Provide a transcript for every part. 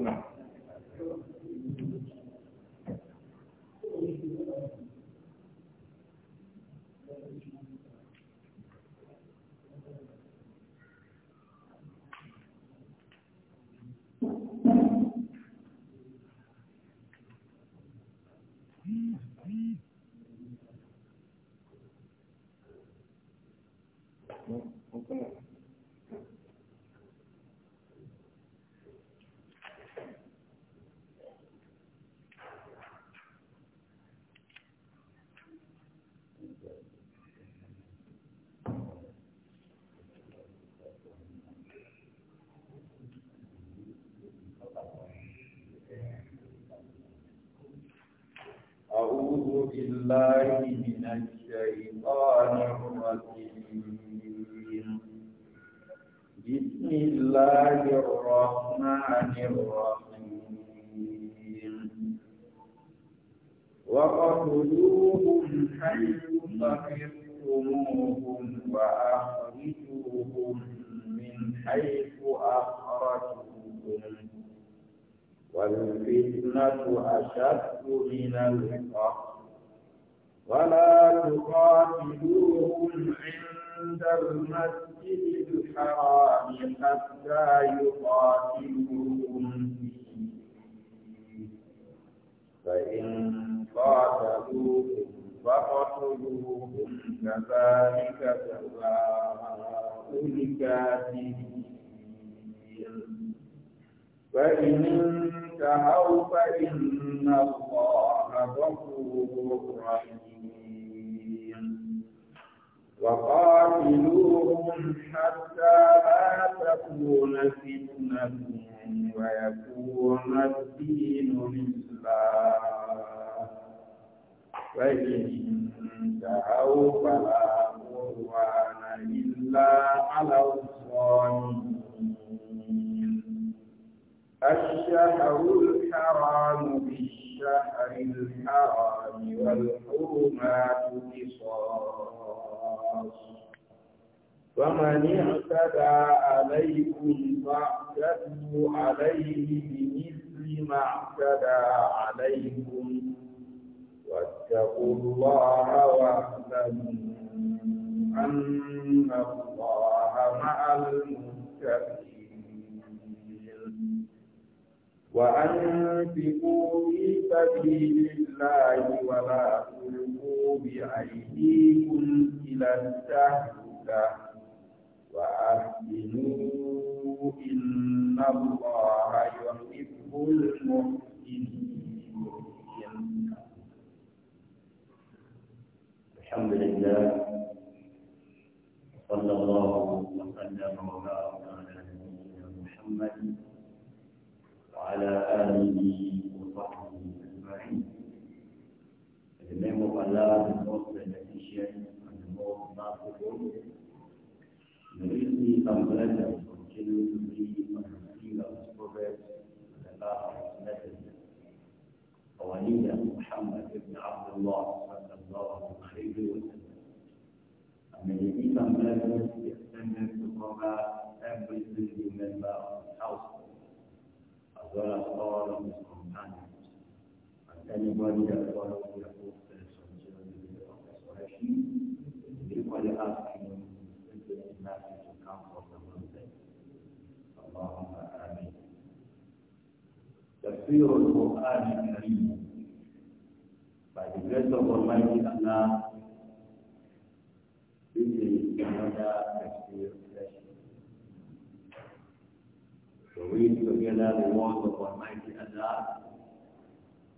نعم بالله من الشيطان الرجيم بسم الله الرحمن الرحيم وقتلوهم حيث ثقفتموهم وأخرجوهم من حيث أخرجوكم والفتنة أشد من القهر ولا تقاتلوهم عند المسجد الحرام حتى يقاتلوهم فيه فإن قاتلوهم فاقتلوهم كذلك سواء الكافرين فإن انتهوا فإن الله غفور رحيم وقاتلوهم حتى لا تكون فتنة ويكون الدين لله فإن انتهوا فلا قرآن إلا على الظالمين الشهر الحرام بالشهر الحرام والحرمات قصاص فمن اعتدى عليكم فاعتدوا عليه بمثل ما اعتدى عليكم واتقوا الله واعلموا أن الله مع المتقين وأنفقوا في سبيل الله ولا تلقوا بأيديكم إلى التهلكة وأحسنوا إن الله يحب المحسنين الحمد لله صلى الله وسلم وبارك على نبينا محمد وعلى آله وصحبه أجمعين. The name of Allah the most beneficent and the most merciful. May peace and blessings continue to be on the seal of the Prophet and the last of His Messenger. Our leader Muhammad ibn Abdullah sallallahu alayhi wa sallam. And may the peace and blessings be extended to cover every single member of wala sala spontanious. And anybody that follows their footsteps until the day of resurrection, equally ask him to mercy to come from the mountain. Allahumma ameen. تفسير القرآن الكريم by the grace of Almighty Allah, this is another read together the words of Almighty Allah,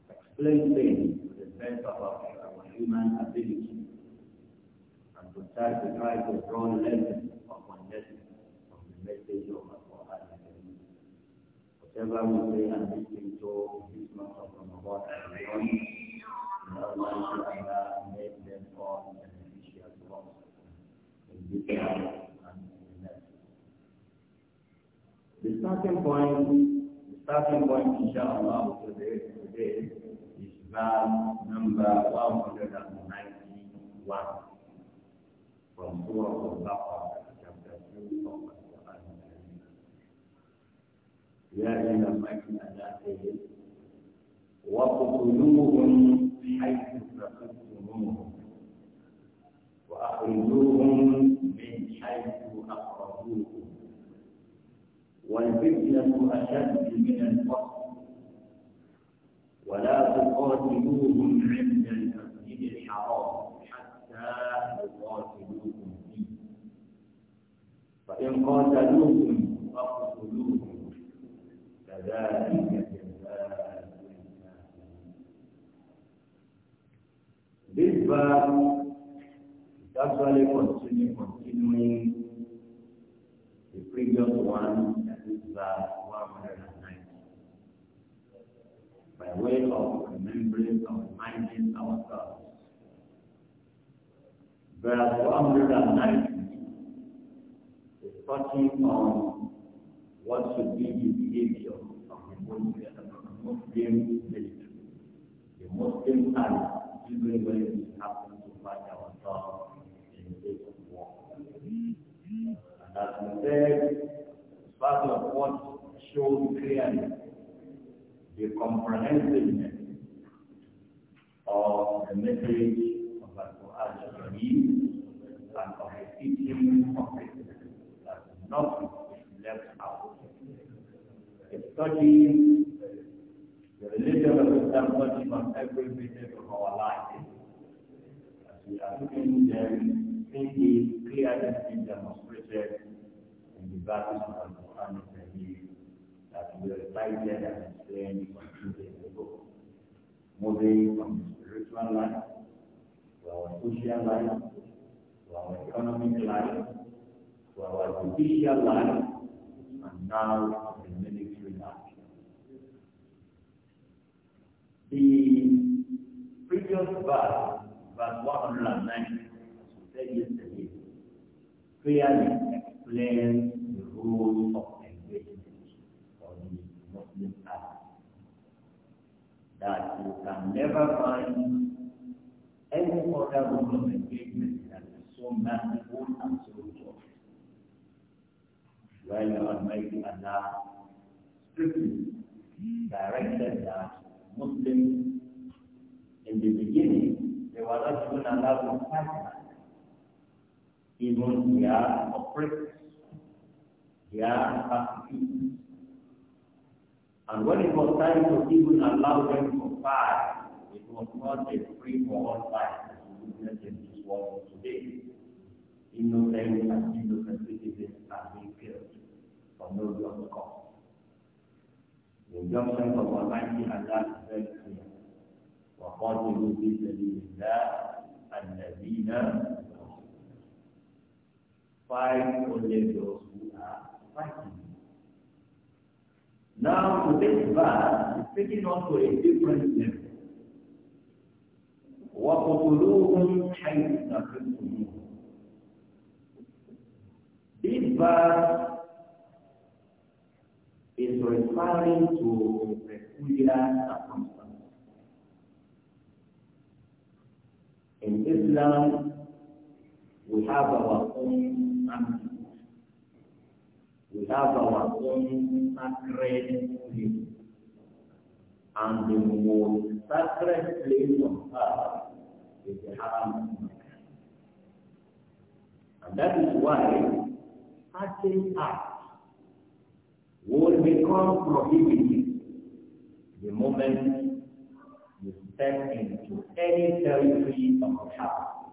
explain things to the best of our, our human ability, and to try to try to draw lessons upon lessons from the message of our Allah. Whatever we say and listen to in this month of Ramadan and beyond, may Almighty Allah make them all beneficial to us in this life. starting point, the starting point, inshallah, for the today is verse number 191 from Surah Al-Baqarah, chapter 2 of Al-Quran. يا إلى مكة ذاته وقتلوهم حيث فقدتموهم وأخرجوهم من حيث والفتنة أشد من الفقر ولا تقاتلوهم عند المسجد الحرام حتى يقاتلوكم فيه فإن قاتلوكم فاقتلوهم كذلك جزاء This verse is actually continuing, continuing the previous one verse 190, By way of remembering or reminding ourselves. Verse 190 is touching on what should be the behavior of the Muslim military. The Muslim army, even when we happen to find ourselves in this war. And as we said, part of what shows clearly the comprehensiveness of the message of the Quran and of the teaching of it that nothing is left out. Studying the religion of Islam touching on every minute of our life. As we are looking them, thinking, clearly demonstrated in the values of Quran is a need that glorified dead and slain continually in the book. Moving from spiritual life to our social life, to our economic life, to our judicial life, and now to the military life. The previous verse, verse 109, as we said yesterday, clearly explains rules of engagement for the Muslim That you can never find any other rule of engagement that is so merciful and so just. Where your Almighty Allah strictly directed that Muslims in the beginning they were not even allowed to fight even their oppressors. they are And when it was time to even allow them to fight, it was not a free for all fight as we witness in this world today. Innocent and innocent citizens are being killed for no just cause. The injunction of Almighty Allah is very clear. وقاتلوا في سبيل الله الذين fight only those fighting. Now, this verse is taking us to a different level. وَقُتُلُوهُمْ حَيْثَ قِلْتُمُوهُمْ This verse is referring to peculiar circumstances. In Islam, we have our own family we have our own sacred place. And the most sacred place on God is the Haram of And that is why certain acts will become prohibited the moment you step into any territory of Haram.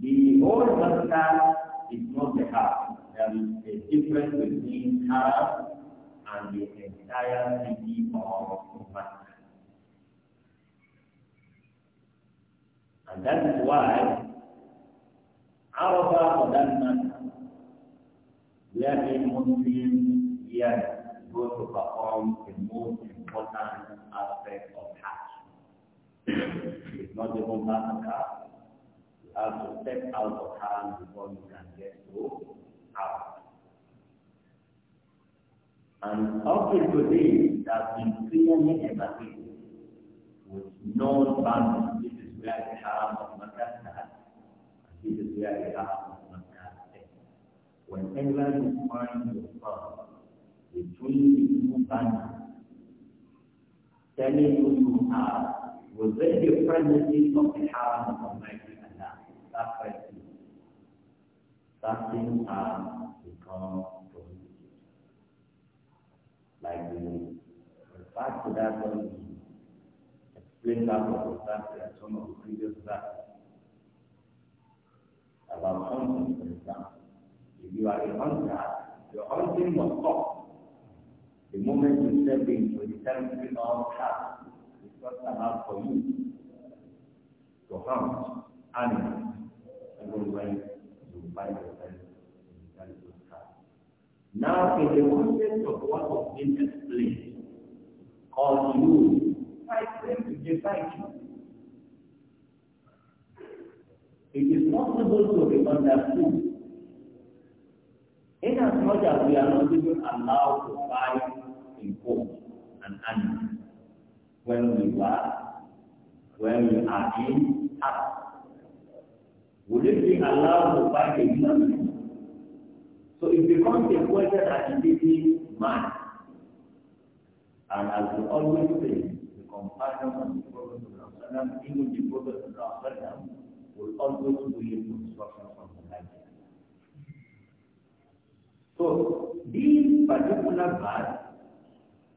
The old master is not the house there is a difference between Arab and the entire city of Mecca. And that is why Arafah for that matter, where a Muslim here go to perform the most important aspect of Hajj. it's not even car. You have to step out of Haram before you can get to out. And up to today, there has been clearly emanating with known boundaries. This is where the harm of Makkah starts, and this is where the harm of Makkah ends. Whenever you find yourself between the two boundaries, telling you to have within the premises of the harm of Makkah Allah, that person fasting has become prohibited. Like we refer to that when we explain that was the fact that some of the previous verses about hunting, for example. If you are a hunter, your hunting was stop. The moment you step into the territory of cat, it's not allowed for you to hunt animals. Even when by yourself in regards to Christ. Now, in the context of what was being explained, on you, I claim to divide you. It is possible to be understood. In as much as we are not even allowed to fight in court and animal when we were, when we are in act would it be allowed to buy a So it becomes a question that it is man. And as we always say, the compassion of the Prophet Sallam, even the Prophet Sallam, will always believe instruction from the Hadith. So this particular part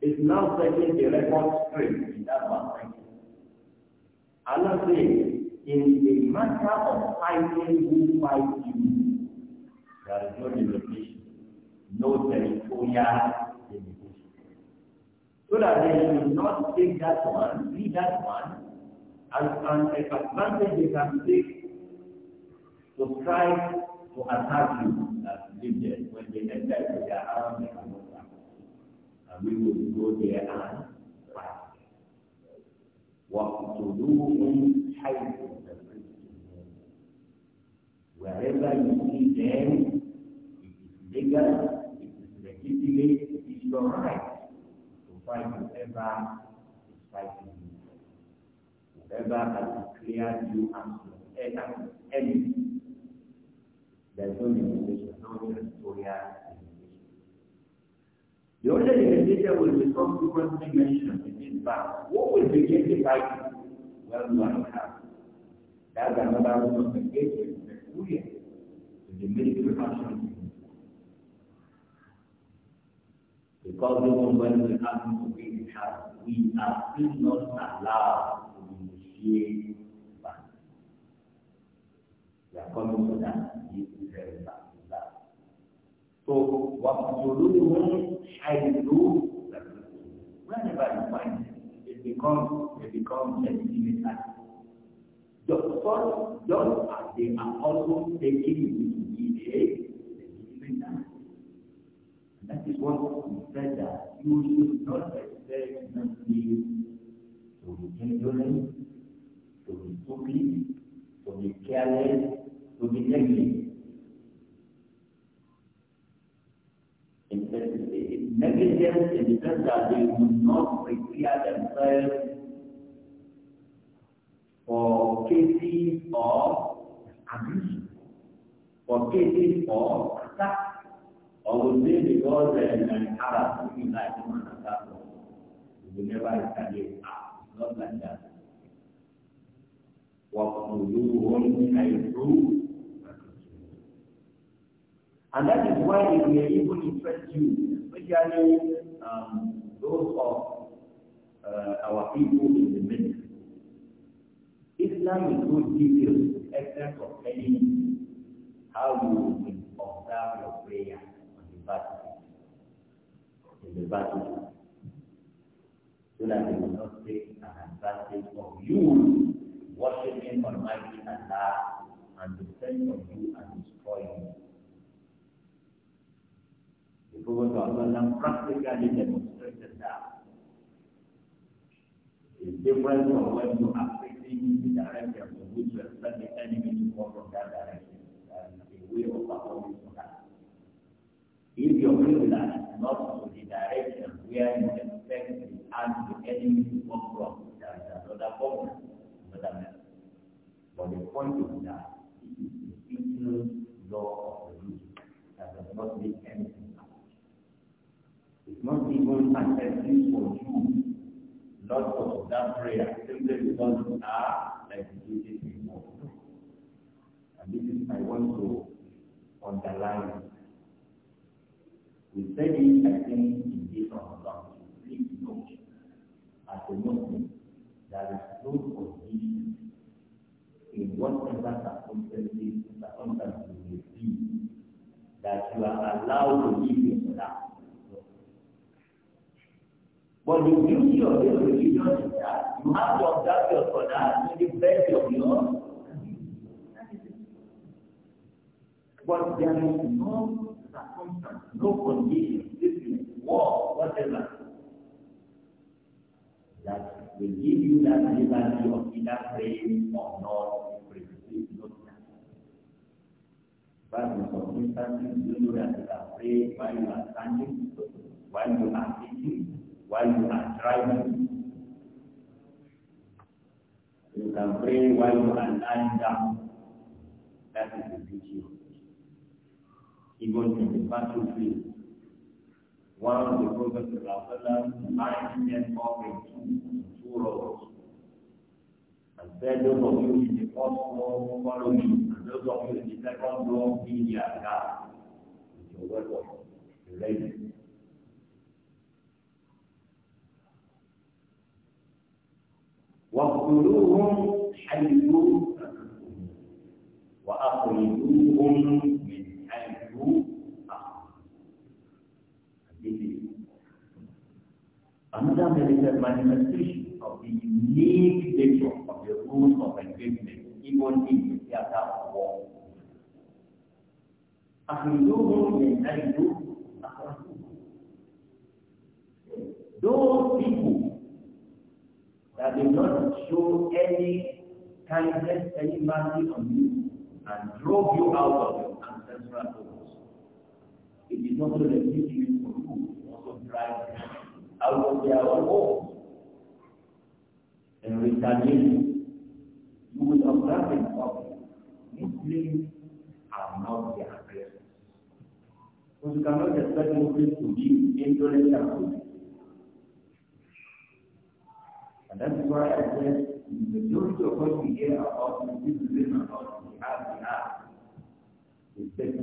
is now setting the record straight in that one. Allah says, in a matter of fighting who fights you. There is no limitation, no territorial limitation. So that they should not take that one, be that one, as an advantage they can take to try to attack you as leaders when they enter to their arms and cannot And we will go there and fight. وَاقْتُلُوهُمْ حَيْثُ wherever you see them, it is legal, it is legitimate, it is your right to fight whoever is fighting you, whoever has declared you as an enemy. There's no limitation, no territorial the only limitation will be subsequently mentioned in this verse. What will begin the fighting? Well, you are not That's another one of the cases. Because even when we happen to be in we are still not allowed to initiate violence. We are coming to that. is So, what you do when I do, whenever you find it, it becomes, it becomes legitimate action. Just, just as they are also taking the EA, That is what he said that you should not expect nothing to the ignorant, to the stupid, to the careless, to be negligent. Negligence in the sense that they would not prepare themselves for cases of abuse forgetting or attack. Or will they because they are in Arab, looking like human attack? You will never retaliate. Not like that. وَقُلُوهُمْ حَيْثُ And that is why it may even interest you, especially um, those of uh, our people in the Middle Islam is no details except of any how you will observe your prayer on the battlefield, in the battlefield, so that they will not take an advantage of you worshiping Almighty Allah and defend from you and destroy you. The Prophet ﷺ practically demonstrated that. It's different from when you are facing the direction from which you expect the enemy to come from that direction way of performing salah. If you privilege is not to the direction where you expect the hand the enemy to come from, there is another problem, another method. But the point is that it is the eternal law of the religion that does not make anything happen. It's not even accepted for you not for that prayer simply because you are like you did before. And this is I want to on the line, We said it, I think, in this Ramadan. Please know, at the moment, there is no condition in whatever circumstances, circumstances you may be, that you are allowed to live in that. But the beauty of your religion is that you have to observe your Quran in the best of your What there is no circumstance, no condition, sickness, war, whatever, that will give you that liberty of either praying or not praying. This is not that. But in some instances, you know that you can pray while you are standing, while you are sitting, while you are driving. You can pray while you are lying down. That is the beauty even in the battlefield. One of the prophets of Allah lined them up in two, two rows and said, Those of you in the first row, follow me, and those of you in the second row, be their guard with your weapon, be ready. واقتلوهم حيث another medical manifestation of the unique nature of the rules of engagement, even in the theater of war. أخذوه من حيث do, Those people that do not show any kindness, any mercy on you, and drove you out of your ancestral homes. It is also the duty for you also drive them out of their own homes. In you will observe in public, Muslims are not the aggressors. So you cannot expect Muslims to be intolerant and good. And that is why I said the majority of what we hear about Muslims women about jihad, jihad, is fake,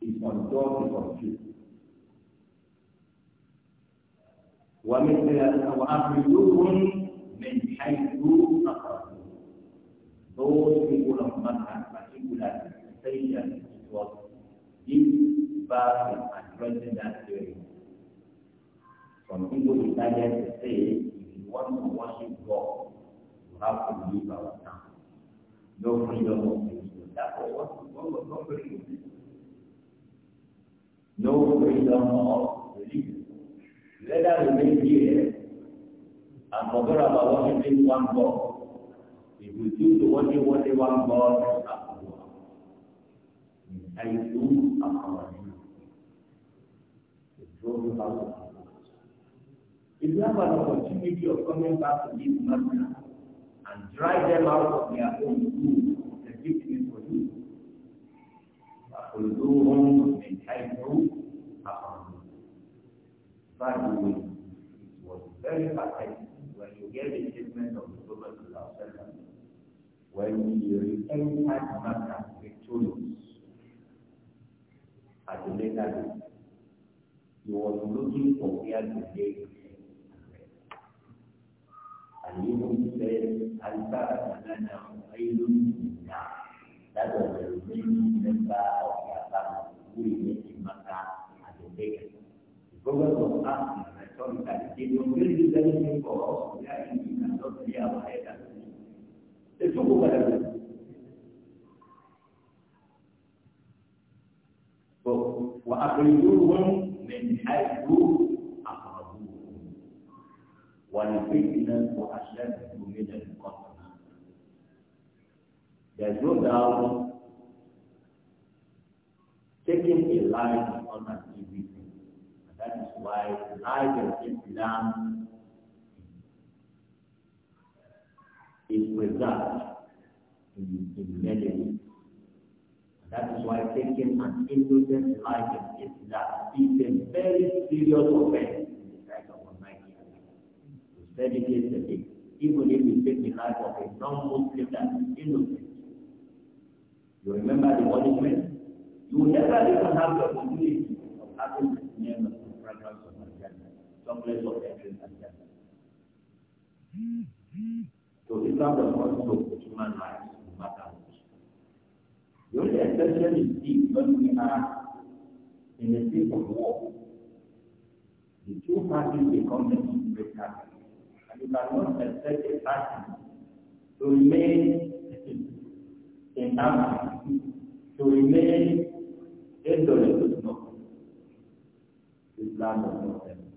is on top of on truth. ومثل وأخرجوهم من حيث Those people of Makkah, particularly Satan, it was this verse addressing that Some people decided to say, if you want to worship God, you have to leave our town. No freedom of religion. That oh, was what God was offering. No freedom of Rather remain here and forget about worshiping one God. If you choose to worship only one God, it's up you. do and our you. It if you have an opportunity of coming back to this master and drive them out of their own school, the gift is for you. فَخُذُوهُمْ مِنْ حَيْثُ far It was very pathetic when you hear the statement of the Prophet when he reentered Mecca victorious at the later date. He was looking for where to lay and even said, Alta Anana Aylun That was the remaining member of their family government asked my son that they don't really do anything for us. We are in the cannot be our head at They took over everything. So, وأخرجوهم من حيث أخرجوهم والفتنة أشد من القتل. There's no doubt taking a life on an That is why life in Islam is preserved in, in medicine. That is why taking an innocent life in Islam is a very serious offense in the sight of Almighty Allah. We said it Even if you take the life of a non-Muslim that is innocent, you remember the punishment? You never even have the opportunity of having the name some place of entering Jannah. So Islam does not look at human rights matter what. The only exception is if we are in a state of war, the two parties become the conflict party. And you cannot expect a party to remain in harmony, to remain indolent. No. Islam does not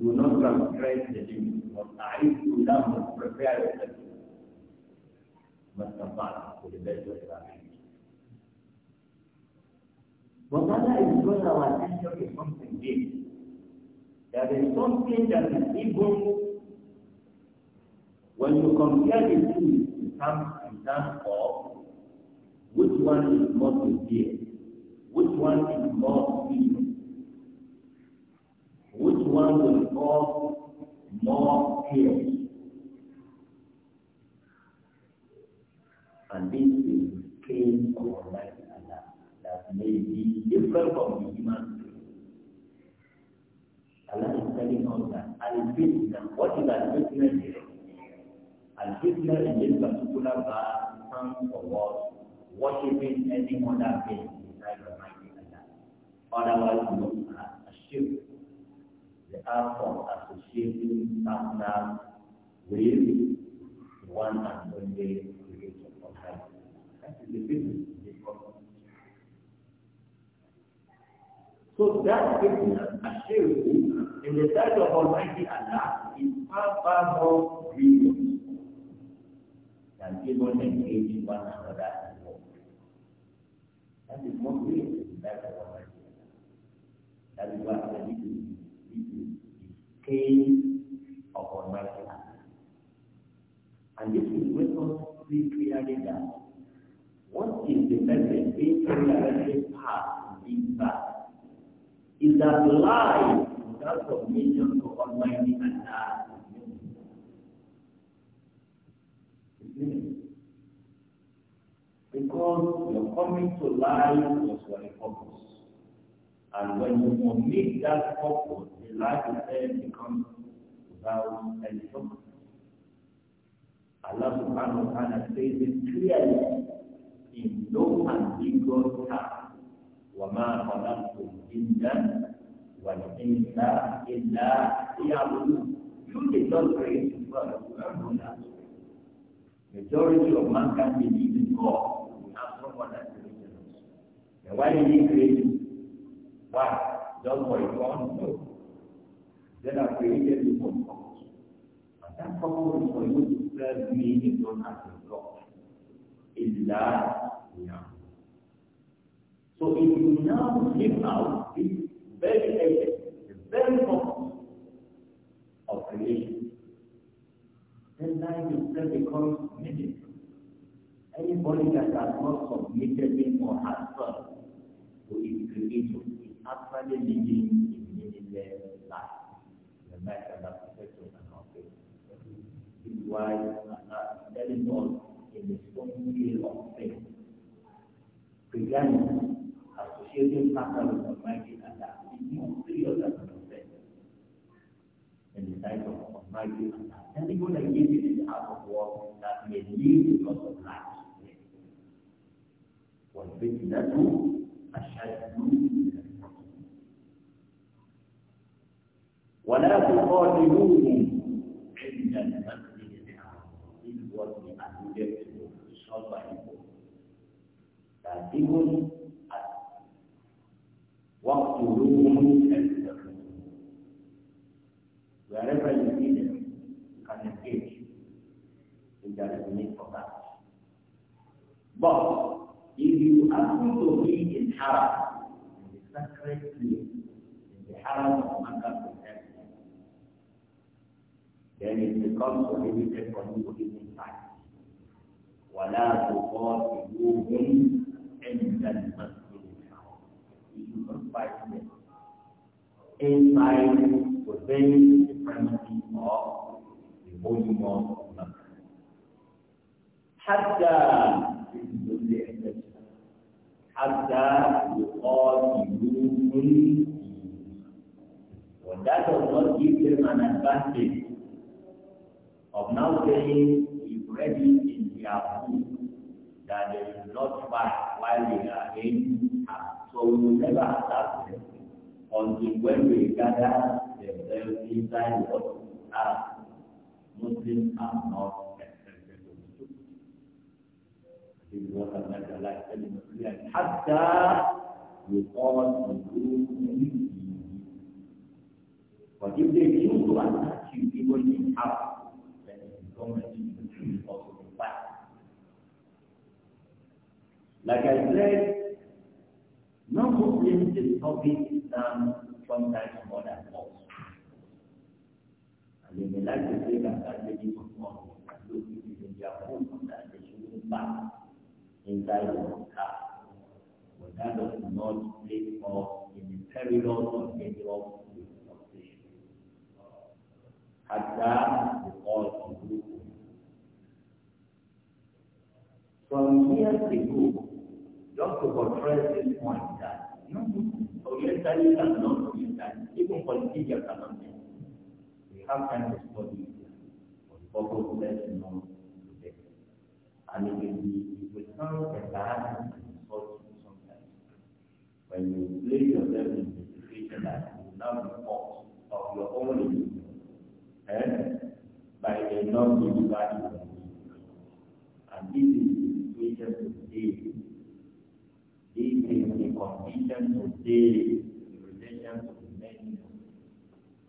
do not transgress the limits. وَاسْتَعِذْ لَهُمْ Prepare yourself. Mustafa, to the best of your ability. What Allah is drawing our attention is something deep. There is something that is evil when you compare the two in terms, in terms of which one is more sincere, which one is more evil one will cause more chaos. And this is the case of Almighty Allah that may be different from the human Allah is telling us that al-fitna, what is al-fitna here? Al-fitna in this particular verse stands for what? Worshipping any other being besides Almighty Allah. Otherwise, known as a shirk the act of associating partners with one and only creator of life. That is the business So that business, assuredly, in the sight of Almighty Allah, is far, far more grievous than even engaging one another in war. That is more grievous in the sight of Almighty Allah. That is what the pain of Almighty Allah. And this is make we see clearly that what is the message being realized past in that is that life without submission to Almighty meaningless Because you're coming to life was for a purpose. And when you omit that purpose, the life itself becomes without any purpose. Allah subhanahu wa ta'ala says it clearly in no ambiguous terms. وَمَا خَلَقْتُ الْجِنَّ وَالْإِنسَ إِلَّا لِيَعْبُدُونِ You did not create the world, you are not that. Majority of mankind believe in God. We have someone that created us. Then why did he create why? Don't worry, God knows. Then I created you for purpose. And that purpose is for you to serve me in God as your God. Illa now. So if you now live out this very essence, the very purpose of creation, then life itself becomes meaningful. Anybody that has not submitted him or has served so if creation is actually living in meaningless life, the matter that affects and our faith. This is why uh, uh, telling us in the strong field of faith, presenting associating factor with Almighty Allah is more serious than faith in the sight of Almighty Allah. And even a gift is out of work that may lead to loss of life. والفتنة أشد ولا تقاتلوهم عند المسجد الحرام إخوة أن يكتبوا صلحكم فاتكم واقتلوهم أجسادهم wherever you see them, you can engage if there is need for that. But If you happen to be in Haram, the sacred place, in the Haram of Makkah protects then it becomes prohibited for you to inside. ولا تقاتلوهم عند المسجد الحرام. You should not fight them. Inside, within the premises of the Holy Mosque of Makkah. حتى àgbà ìkọ́ ìlú ní that does not give them an advantage of now saying if ready in their food that they will not fight while they are in So we will never attack them until when we gather the inside what as Muslims are not إذ وصلناك على كلمة فيها حتى يقال بدون نبي وتبدأ يوسف أن تحكي في كل حرف Like I said, non-Muslims discover Islam sometimes more than most. And they may like to say that that they give us more, and look, it is in their home that they shouldn't back. inside our car. But that does not place us in the perilous or dangerous situation. Uh, Hatta the call to group. From years ago, just to portray this point that you know, orientalists cannot that even politicians cannot understand. We have time to study for the purpose of letting know today. And it will be without a and insulting sometimes. When you play yourself in the situation that you will not be of your own religion eh, by a non-believer And this is the situation today. This is the condition today in relation to many Muslims.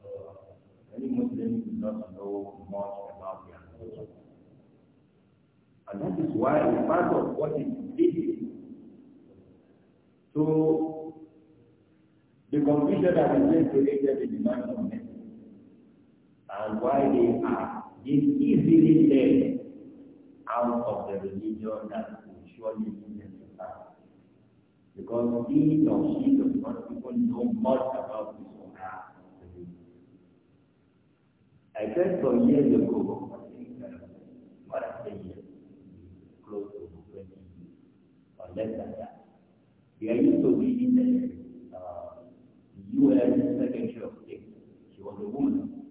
Uh, many Muslims do not know much and that is why it's part of what is needed. So, the confusion that is being created in the mind of men, and why they are easily led out of the religion that will surely lead them to pass. Because he or she does not even know much about this or that. I said some years ago, I think, uh, what I said less than that. We are used to be in the uh, U.S. Secretary of State. She was a woman.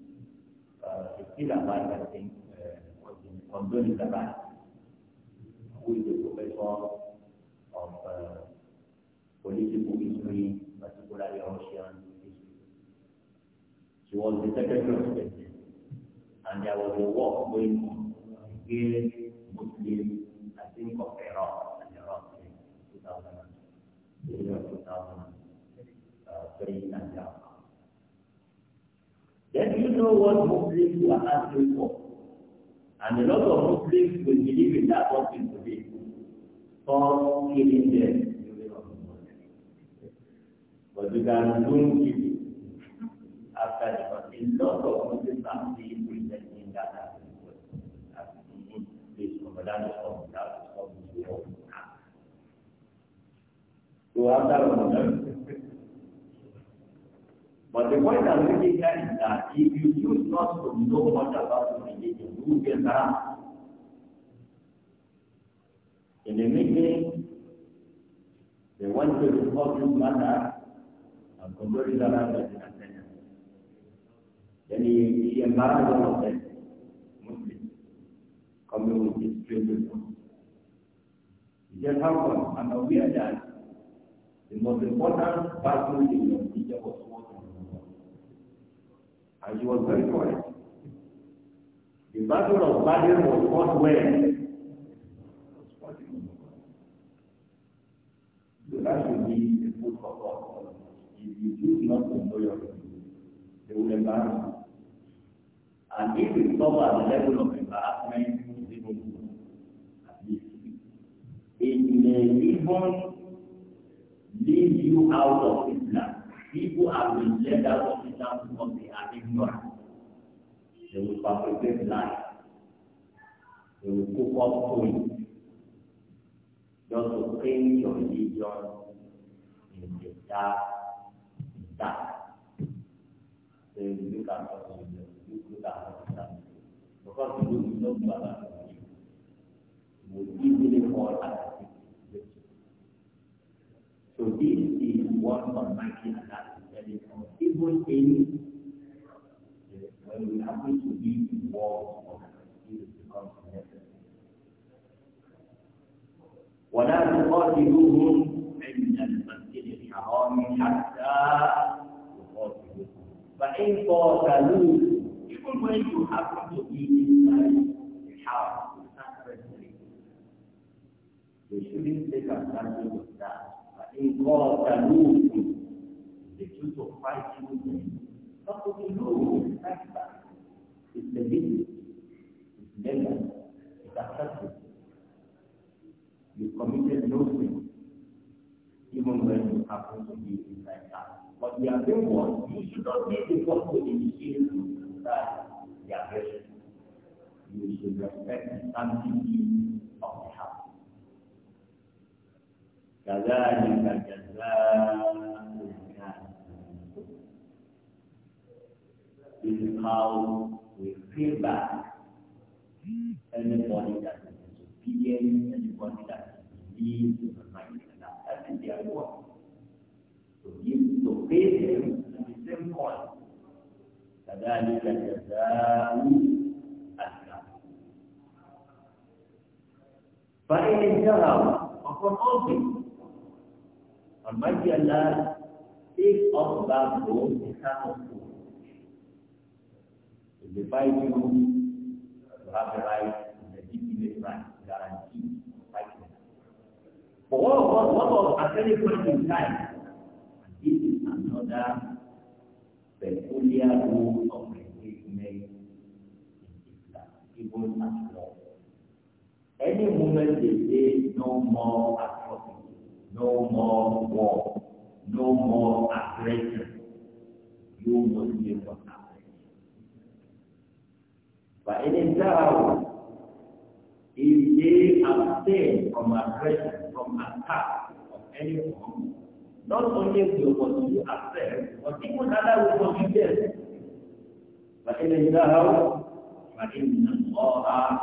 Uh, she's still alive, I think, uh, concerning the right, who is a professor of uh, political history, particularly Russian history. She was the Secretary of State. And there was a war going on against Muslims, I think, of Iraq the and Then you know what Muslims were asking for. And a lot of Muslims will believe in that what is today. For killing them. But you can soon kill it after the A lot of Muslims are being presenting that as well. As this Ramadan is coming, that is coming to to But the point I'm making here is that if you choose not to know much about the religion, you will get around. In the meeting, they want to discuss this matter and convert it around as an Then he, he embarrassed all of them, Muslims, coming with his He said, how come? I'm aware that The most important battle in your future was fought And he was very quiet. The battle of Badr was fought when So that should be a food for thought. If you choose not to know your religion, they will embarrass you. And if you suffer at the level of embarrassment, it will at least. It may even lead you out of Islam. People have been led out of Islam because they are ignorant. They will fabricate lies. They will cook up stories just to paint your religion in the dark, dark. They will look at what you look at what you Because you don't know about that, you will easily fall at So this is what Almighty Allah is telling us. Even in when we happen to be in wars it becomes necessary. ولا تقاتلوهم عند المسجد الحرام حتى يقاتلوكم فإن قاتلوكم even when you happen to be inside the house, the they shouldn't take advantage of that. قاتلوكم The Jews will fight you فقتلوهم أكبر It's the business It's legal It's accepted You committed no sin even when you happen to be inside that. But we are being warned, you should not be the one who initiates the aggression. You should respect the sanctity of the house. كذلك جزاء This is how we pay back anybody that is disobedient, anybody that leaves the mind and that and their work. So give to pay them in the same coin. كذلك جزاء الكافرين. فإن انتهوا from all things. Almighty Allah takes us back those in terms of food. To divide you, have the right the deepest right, guaranteed rightness. But what was, what was at any point in time? And this is another peculiar rule of engagement in Islam, even as any moment they say no more atrocity, no more war, no more aggression, you Muslims must aggression. But in Israel, if they abstain from aggression, from attack of any form, not only will pursue accept, but even Allah will pursue them. فإن انتهوا the الله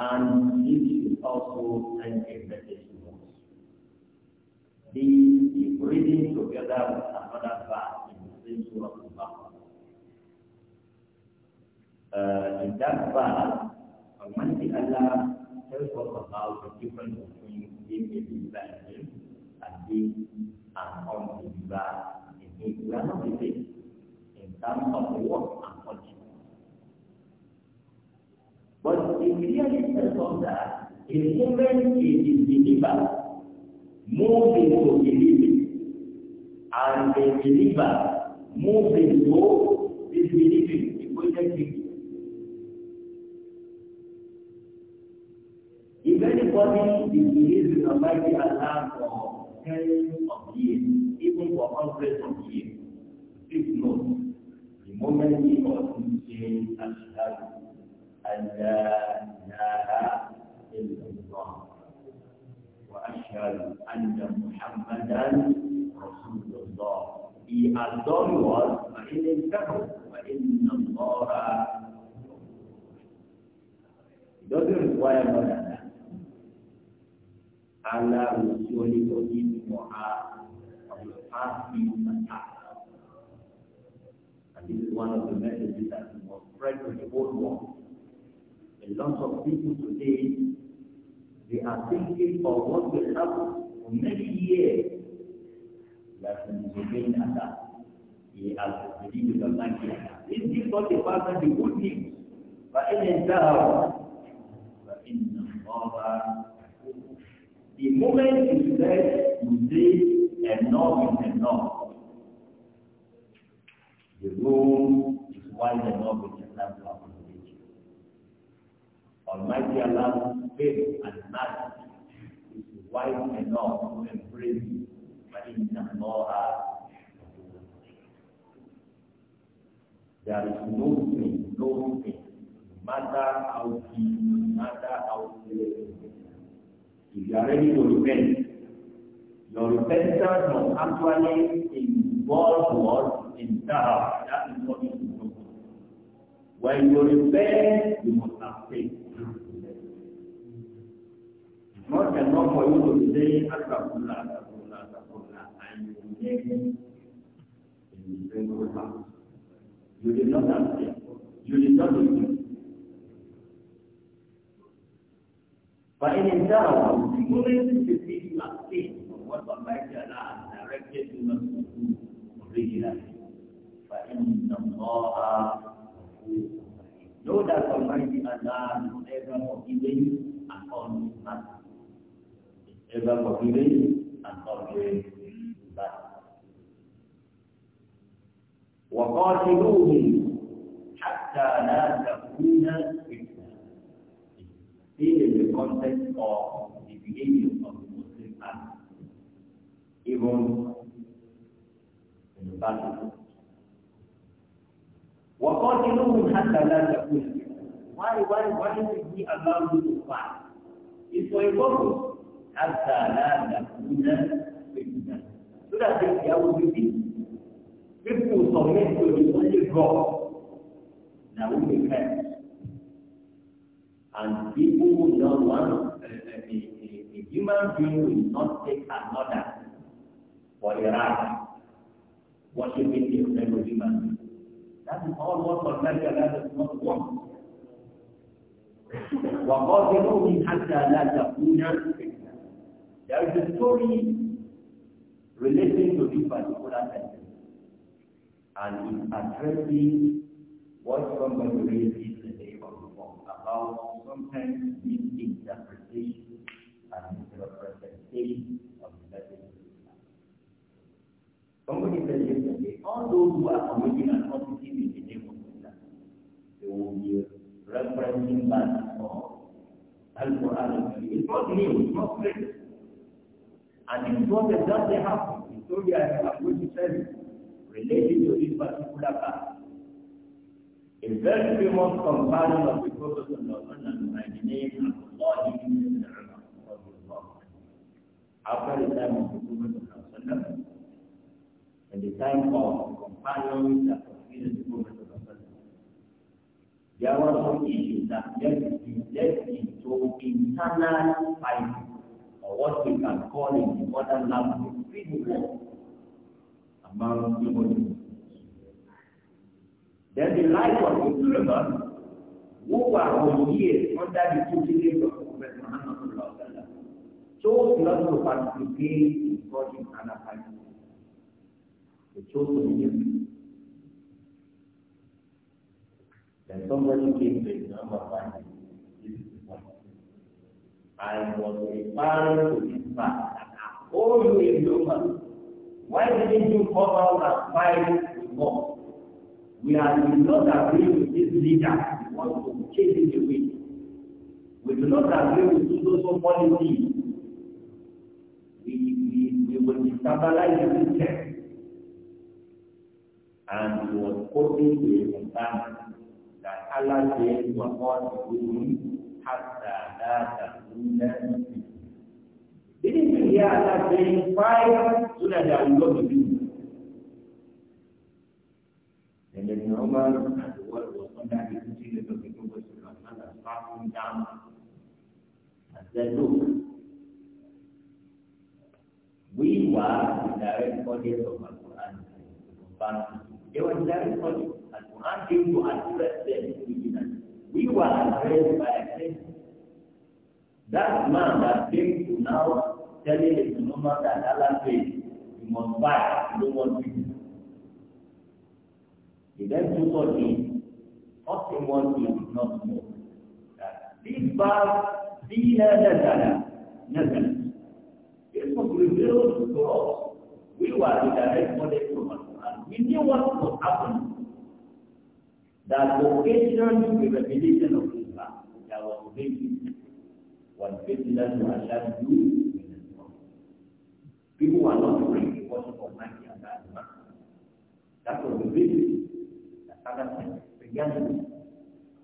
and this is also an invitation to This is reading together with another verse in the same Surah Al-Baqarah. Uh, in that verse, Almighty Allah tells us about the difference between being a believer in Him and being an unbeliever in Him. We are not the same in terms of the work and punishment. But the clear instance of that is even if the believer moves into believing and the believer moves into disbelieving, equated thinking. If anybody is believing in Almighty alarm for tens of years, even for hundreds of years, please note, the moment he or she has. أن لا إله إلا الله وأشهد أن محمدا رسول الله في الدار وإن انتهوا وإن الله دوت رواية مولانا على رسول This is One of the messages that was read to the whole world. a lot of people today, they are thinking of what will happen for many years. That is obeying Allah. He has believed in Almighty Allah. This is what the Father the good news. فإن انتهوا فإن الله The moment you say you say enough is enough. The room is wide enough with Islam Almighty Allah, faith and mercy is wide enough to embrace there is no sin, no no matter how deep, matter how serious. If you are ready to repent, your repentance must actually involve what in that. That is what is do. When you repent, you must have faith. more than enough for you to say, Astaghfirullah, Astaghfirullah, Astaghfirullah, and you remain in the single path. You did not answer. You did not listen. فإن انتهوا بكل تسليم نقصين وصلت على directed to مسؤول رجلا فإن الله Know that Almighty Allah is ever forgiving and all his matters. ever forgiving and always loving. وقاتلوهم حتى لا تكون فتنة. This is the context of the behavior of the Muslim army, even in the battle. وقاتلوهم حتى لا تكون فتنة. Why, why, why did he allow you to fight? It's for حتى لا تكون فتنة سورة اليوم دي فتنة صليت لكل God Now we And people will not want, uh, uh, a, a, a, human being will not take another for a right, worshiping a fellow human being. That is all what America does not want. وقاتلوهم حتى لا تكون فتنة there is a story relating to this particular sentence, and it addresses what somebody raised in the day of reform about sometimes misinterpretation and misrepresentation of the message of Islam. Somebody said yesterday, all those who are committing an offensive in the name of Allah, they will be referencing back or Al-Quran. It's not new, it's not great. And this is what exactly happened in Saudi Arabia. I'm going to tell you related to this particular verse. A very famous companion of the Prophet and by the name Abdullah ibn Umar after the time of the Prophet and the time of the companions that preceded the Prophet there were some issues that led, led into internal fighting or what we can call in other language civil war among humans. Then the life of the Muslims who were for years under the tutelage of Prophet Muhammad chose not to participate in God's and fighting. They chose to be Then somebody came to number and àìmọ̀tò ìparí kò ní fà ó lu èlò mà why didn't you come out and fight with we are we not agree with this leader we want to change it away we do not agree with soso policy we we we will stabilize the system and he was quoting to the companion that Allah said you are not good حتى لا تكون nafsi idan su ya ana sai fayar suna da abuwa umar da wasu wanda ake kuci da ɗauki kuma su kan hana fasin dama wiwa da direct Al-Quran Dewan direct audience Al-Quran came to address them We were addressed by a that man that came to now telling his Noma that Allah says, you must buy, you don't want people. He then took on him, taught him what he did not know. That this bar, Dina Nazala, Nazala, it was revealed to us. We were the direct model from Allah. We knew what would happen. That occasion the revelation of Islam, there was a وَالْفِتْنَةُ أَشَدُّ مِنَ People are not afraid of worship Almighty and that is not. That was the reason that Adam began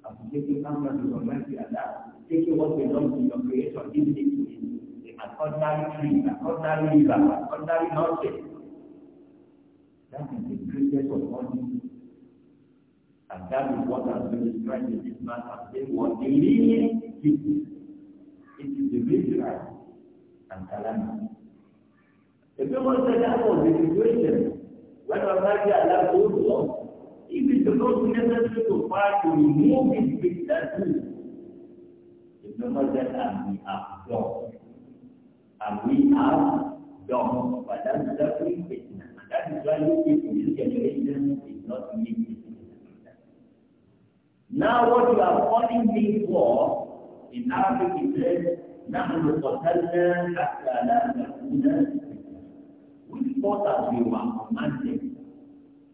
associating Allah with Almighty and that, taking what belongs to your Creator, giving it to Him. An ordinary tree, an ordinary river, ordinary mountain. That is the greatest of all things. And that is what has been described in this man as being what the it is the misery and calamity. The people say that was the situation when Almighty Allah told us, if it is not necessary to fight to remove it with that the people said we have done. And we have done. But that is the free And that is why you this generation is not meeting. Now what you are calling me for بنعمة الله نحن قتلنا حتى لا نكون Which part are we were commanded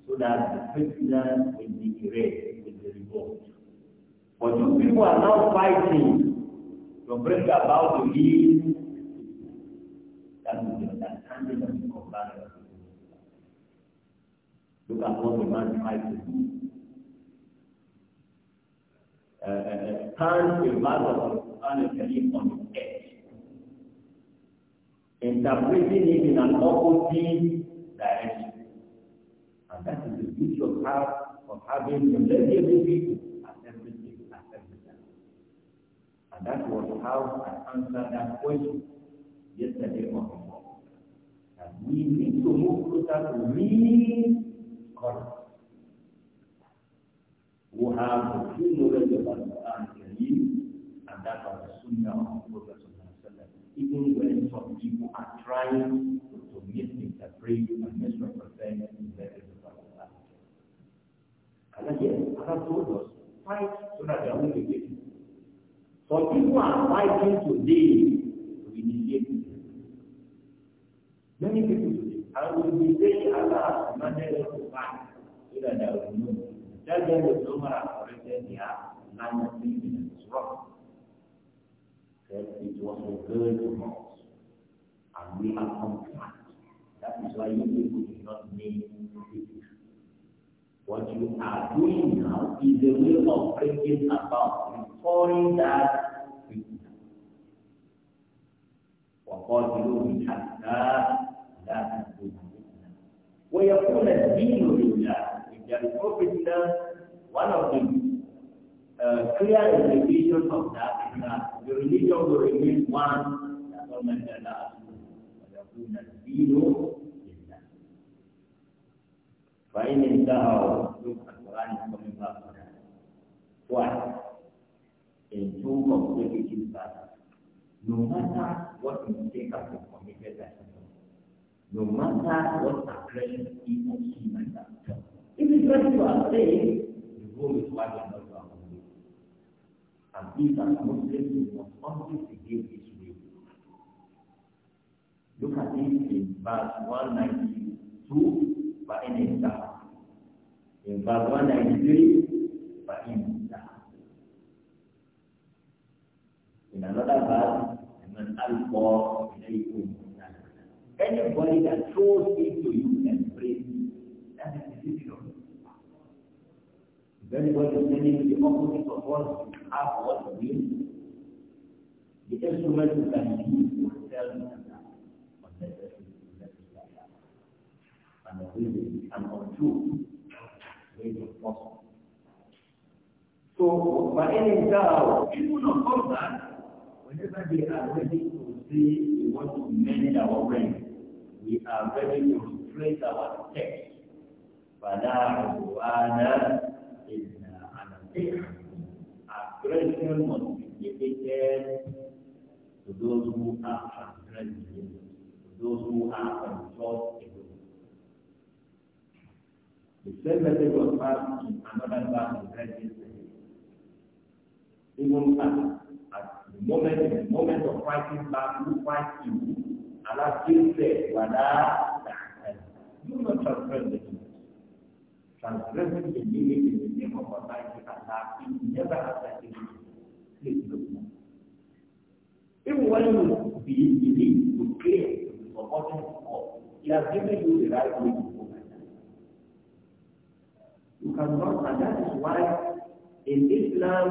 so that the prisoners will be erased with the revolt? But two people are now fighting to break about the peace. That is the understanding of the commandment. Look at what the man tried to do. Turn turns the verse of the on its head, interpreting it in an opposite direction. And that is the beauty of, have, of having the legible people at every at And that was how I answered that question yesterday morning. before. That we need to move closer to real correct who have the true knowledge of the Quran and that of the Sunnah of the Prophet even when some people are trying to, to misinterpret and misrepresent the message of the Quran. And again, Allah told us, fight so that they are only getting. Some people are fighting today to initiate Many people today, I will be saying Allah has commanded us to fight so that they will know. Tell them that Umar has corrected their That it was a good us, and we are compliant. That is why you people do not need it. What you are doing now is the way of bringing about restoring that وقاتلوهم حتى لا تكون فتنة ويكون الدين that? The Prophet does one of the uh, clear indications of that is that the religion will remain one. that all meant that فإن انتهوا look at Quran is coming back to that. Twice in two consecutive verses. No matter what mistake has been committed by someone, no matter what aggression he or she might have done, it's what you are saying, you go with what you are not going And these are Muslims who must always behave this way. Look at this in verse 192, فَإِنْ إِسْتَحَى In verse 193, فَإِنْ إِسْتَحَى In another verse, مَنْ أَلْقَى إِلَيْكُمْ Anybody that throws into you and prays, that is the of. Very well is meaning the opposite for what you have, what we need. The instrument we can use yourself and that. But the instrument is like that. And the reason and on two ways of possible. So, by any doubt, people of all that, whenever they are ready to say we want to mend our brain, we are ready to straight our steps. فلا عدوان إلا على الذكر aggression must be mitigated to those who are transgressing, to those who are unjust The same message was passed in another verse in Genesis. Even at, at the moment, in the moment of fighting back, who fight you? Allah still said, "Wada, do not transgress transgressing the limit in the name of Almighty Allah, it never has anything Please look now. Even when you believe, you claim to be supporting that. is why in Islam,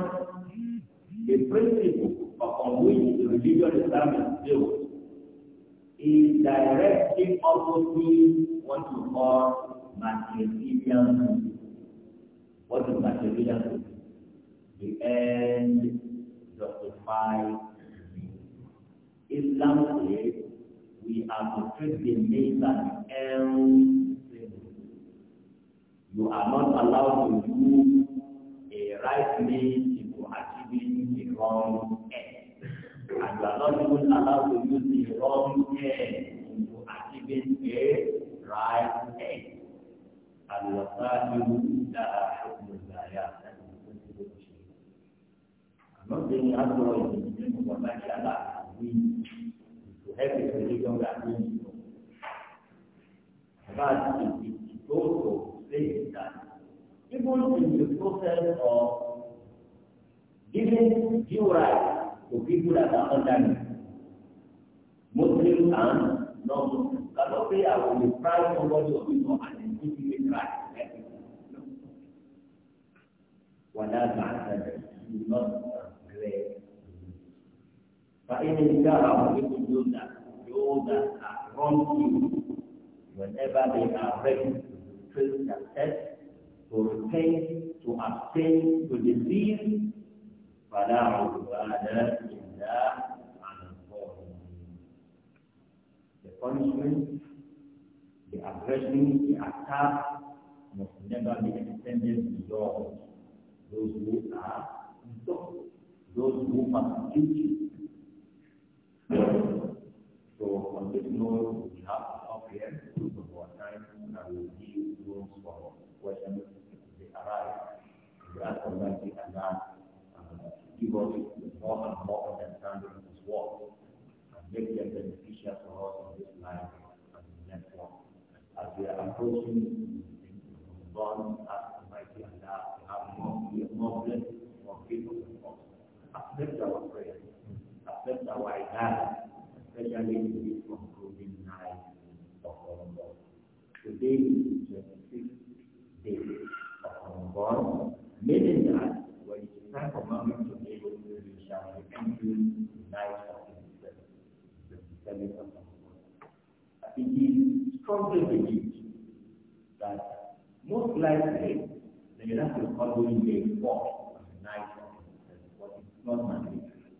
the principle upon which the religion Islam is built is directly opposite what you call materialism. What is materialism? The end justifies the Islam says we are to treat the means and ends. You are not allowed to use a right means to achieving a wrong end. And you are not even allowed to use the wrong end into achieving a right end àlùwàsáàlù dáa ṣùgbọ́n ìgbàyà láti fún sí ló ṣe. àmọ́ bí ní agbọ̀rọ̀ ìdílé nínú bàbá ìyá là àbí ìtò ẹ̀fẹ̀ ìpele gbọ́ngà àbí ìtò. bàbá àti ìtì tó tò lẹ́yìn ìta. ibo ti ní process of giving due right to people that are under me. Muslims and No, cannot say I will somebody of his and give you a crack. whatever. do not regret But in if you that those that are wrong you whenever they are ready to retrace test, to repent to abstain to deceive فلا عدوان إلا punishment, the aggression, the attack must never be extended beyond those who are insulted, those who persecute you. so on this note, we have to stop here because of our time and we will give rooms for questions if they arise. We ask Almighty Allah give us more and more understanding of His work and make them beneficial for us we are approaching Ramadan as Almighty that to have more, more blessings, more people with Accept our prayer, accept our ibadah, especially in this concluding night of Ramadan. Today is the 26th day of Ramadan, meaning that when it is time for to be able to we shall be entering the night of the 27th of Ramadan. I think strongly believes that most likely the miracle is going to be fought on the night of the but it's not mandatory.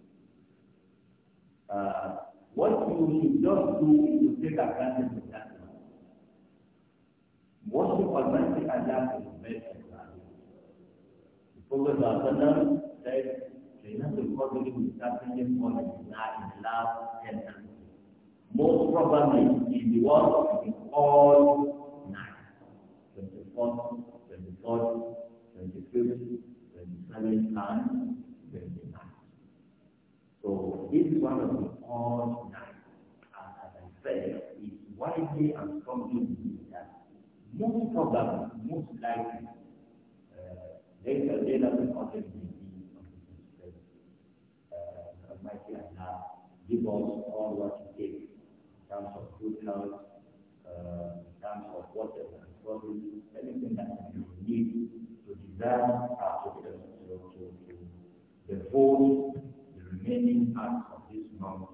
Uh, what you should do is to take advantage of that one. Worship Almighty Allah is best for us. The Prophet said, the miracle probably to start taking on the night in the last 10 years. Most probably in the world, in all 24th, 24th, 25th, 27th, and 29th. So this one of the all nights, as I said, is widely and strongly that most probably, most likely, uh, later, later than other disease on the system. Uh, Almighty Allah, give us all what it takes in terms of good health, uh, in terms of whatever what we anything that you need to design our to, to, to devote the remaining part of this month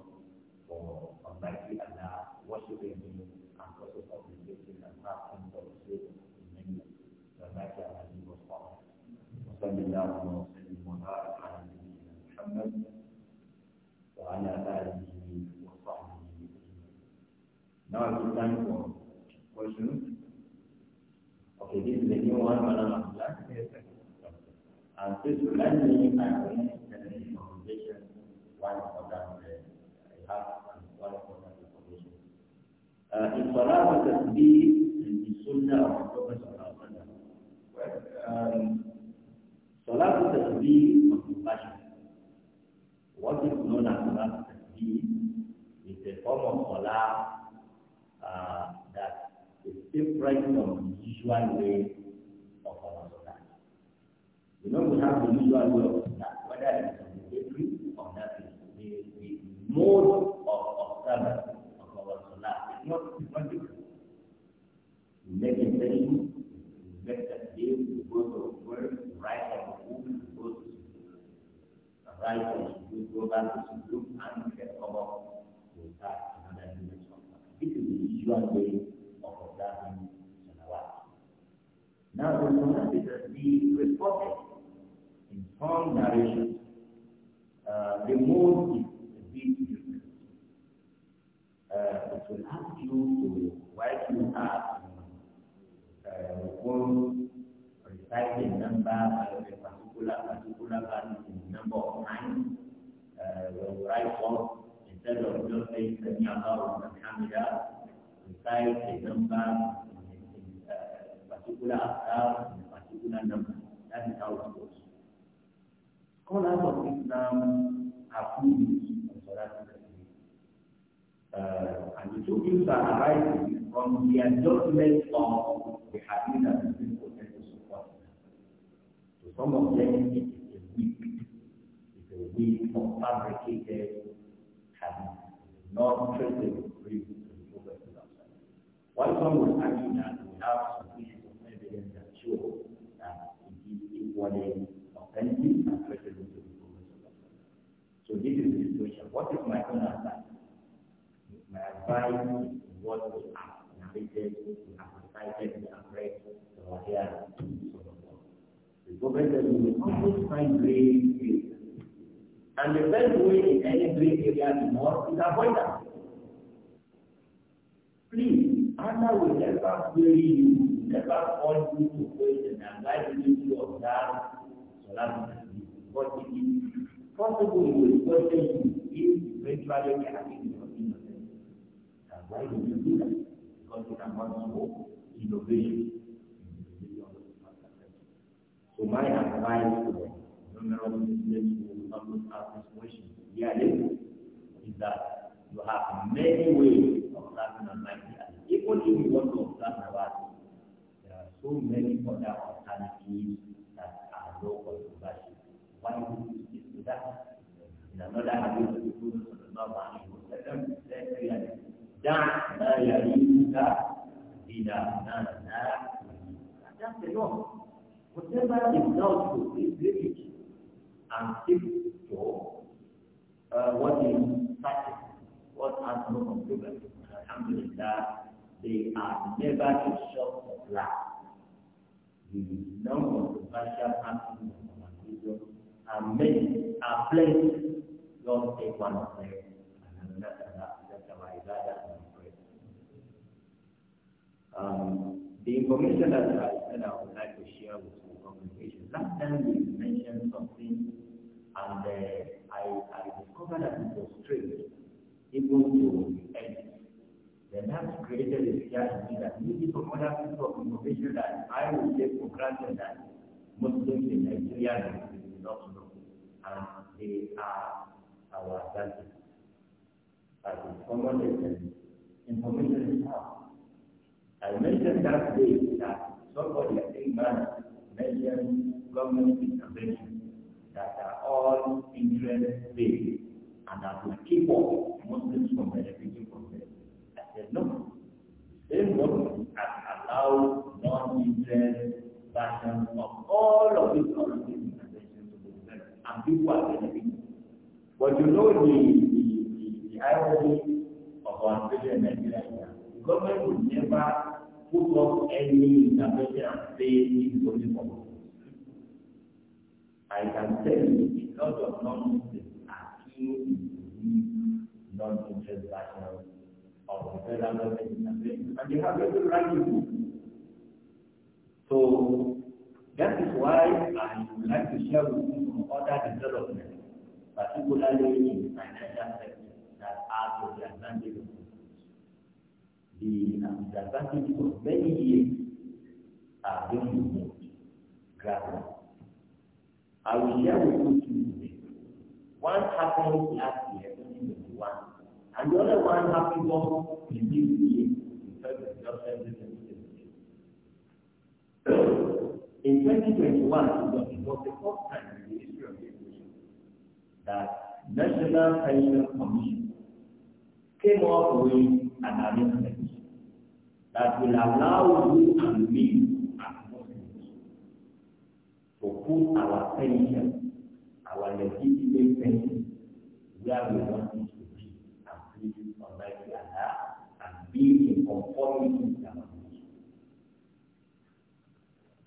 for Almighty Allah, worshiping Him and also supplicating and asking for the sake of the many that Almighty Allah give us all. وصلى وعلى آله وصحبه أجمعين. Now it's time for questions. Is the new one, Madam Abdullah? Yes, sir. And this and foundation, one important uh, half and one of information. Uh, ah, in Salah al Tasbih, in Sunnah of the Prophet um, Salah al Tasbih was compassion. What is known as Salah al is a form of Salah ah, that is different from usual way of our Salah. You know, we have the usual way of Salah, whether it's obligatory or not, the, the mode of observance of our Salah is not, different. We make intention, we make that day, we go to work, we write our book, we go to school, go and we another unit This is the usual way Now the Muhammadans, he reported in some narrations, uh, the moon is a bit different. Uh, it will ask you to write you up, uh, the number, uh, the particular, particular value in number of times, uh, when you write off, instead of just saying, the Allah, Muhammadah, recite the number, particular affair, in a particular number. That is how it goes. Scholars of Islam have two views on Salatul uh, and the two views are arising from the adjustment of the hadith that has been to support. So some of them it is a weak, it's a weak or fabricated hadith, not traceable to the Prophet. While some will argue that we have were they and to the So this is the situation. What is my own advice? My advice is what we have narrated, we have recited, we have read, we are here, so The Prophet said we will always find And the best way in any great area is more is avoidance. Please, Allah will never bury you, never call you to question and guide you to observe Salat But it is possible he will question you if eventually they are in your innocence. And why do you do that? Because you cannot smoke innovation. So my advice to them, numerous students who will not look at this question, yeah, is that you have many ways of having a life only we want to observe Nawaz. There are so many other alternatives that are no controversial. Why would you stick to that? In another hadith of the Prophet sallallahu alaihi wasallam, he said clearly, ma yariyuka bina na na." That's enough. Whatever is doubtful, please leave it and stick to uh, what is certain, what has no controversy. Alhamdulillah. They are never to short supply. The non-controversial actions of Antigo are many, are do God take one of them Um, the information that I said I would like to share with the congregation. Last time we mentioned something and uh, I, I discovered that it was strange, even to has created a reality that many people, other people of innovation that I will take for granted that Muslims in Nigeria do not know. And they are our advantage. But a common information is out. I mentioned that day that somebody, a big man, mentioned government intervention that are all interest-based and that will keep all Muslims from benefiting from said, Same government has allowed non-interest versions of all of these currencies and to be developed, and people are benefiting. But you know the, the, the, the irony of our situation in Nigeria the government would never put up any intervention and say it is only for I can tell you a lot of non interest are in non-interest versions or another thing. And they have every right to do. So that is why I would like to share with you some other developments, particularly in the financial sector, that are to the advantage of the disadvantages um, of many years are being removed gradually. I will share with you two things. happened last year and the other one happens also in this year. In just in 2021, it was the first time in the history of education that National Pension Commission came up with an arrangement that will allow you and me as Muslims to put our pension, our legitimate pension, where we want it in conformity with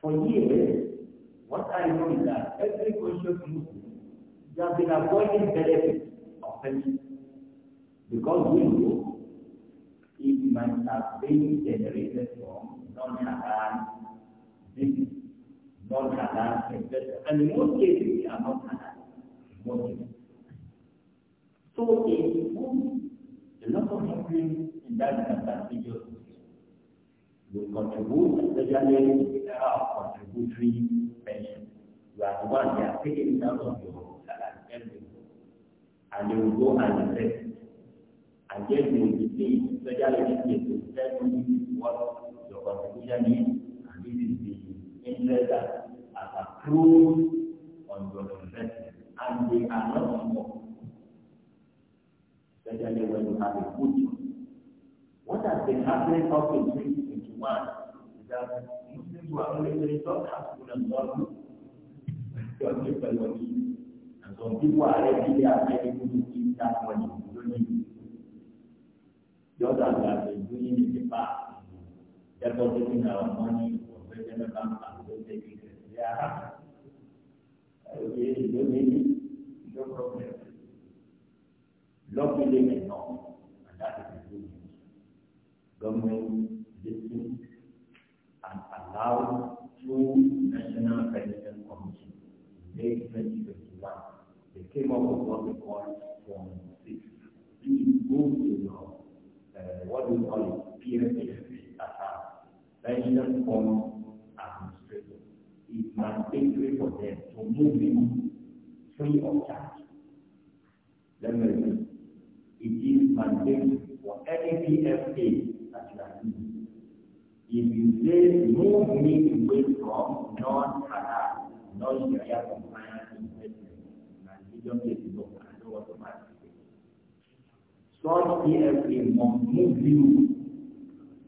For years, what I know is that every conscious Muslim has been avoiding benefits of pension because we know it might have been generated from non-halal business, non-halal investment, and in most cases we are not halal. So it would a lot of Muslims in that advantageous will contribute, especially there are contributory pensions. You are the one they are taking it out of your salary and they will go and invest. And then you will be seeing, especially if they will tell you what your contribution is, and this is the interest that has accrued on your investment, and they are not small. especially when you have a good one. What has been happening up in 2021 is that Muslims were only doing some household and some some people money. And some people are already there are able to keep that money. You don't need it. Just as we have been doing in the past, depositing our money for regional bank and don't take it. They are happy. Uh, okay, you don't need it, no problem. locally and north, and that is improvement. Government listens and allows through National Pension Commission in late 2021. They came up with what we call Form 6. Please move to your, uh, what we call it, PFA, that are Pension Form Administrator. It's mandatory for them to move in free of charge. Let me repeat. It is mandatory for any PFA that you are doing. If you say move me away from non-halal, non-sharia compliant investment, you don't get to know, I don't want to participate. Such PFA must move you,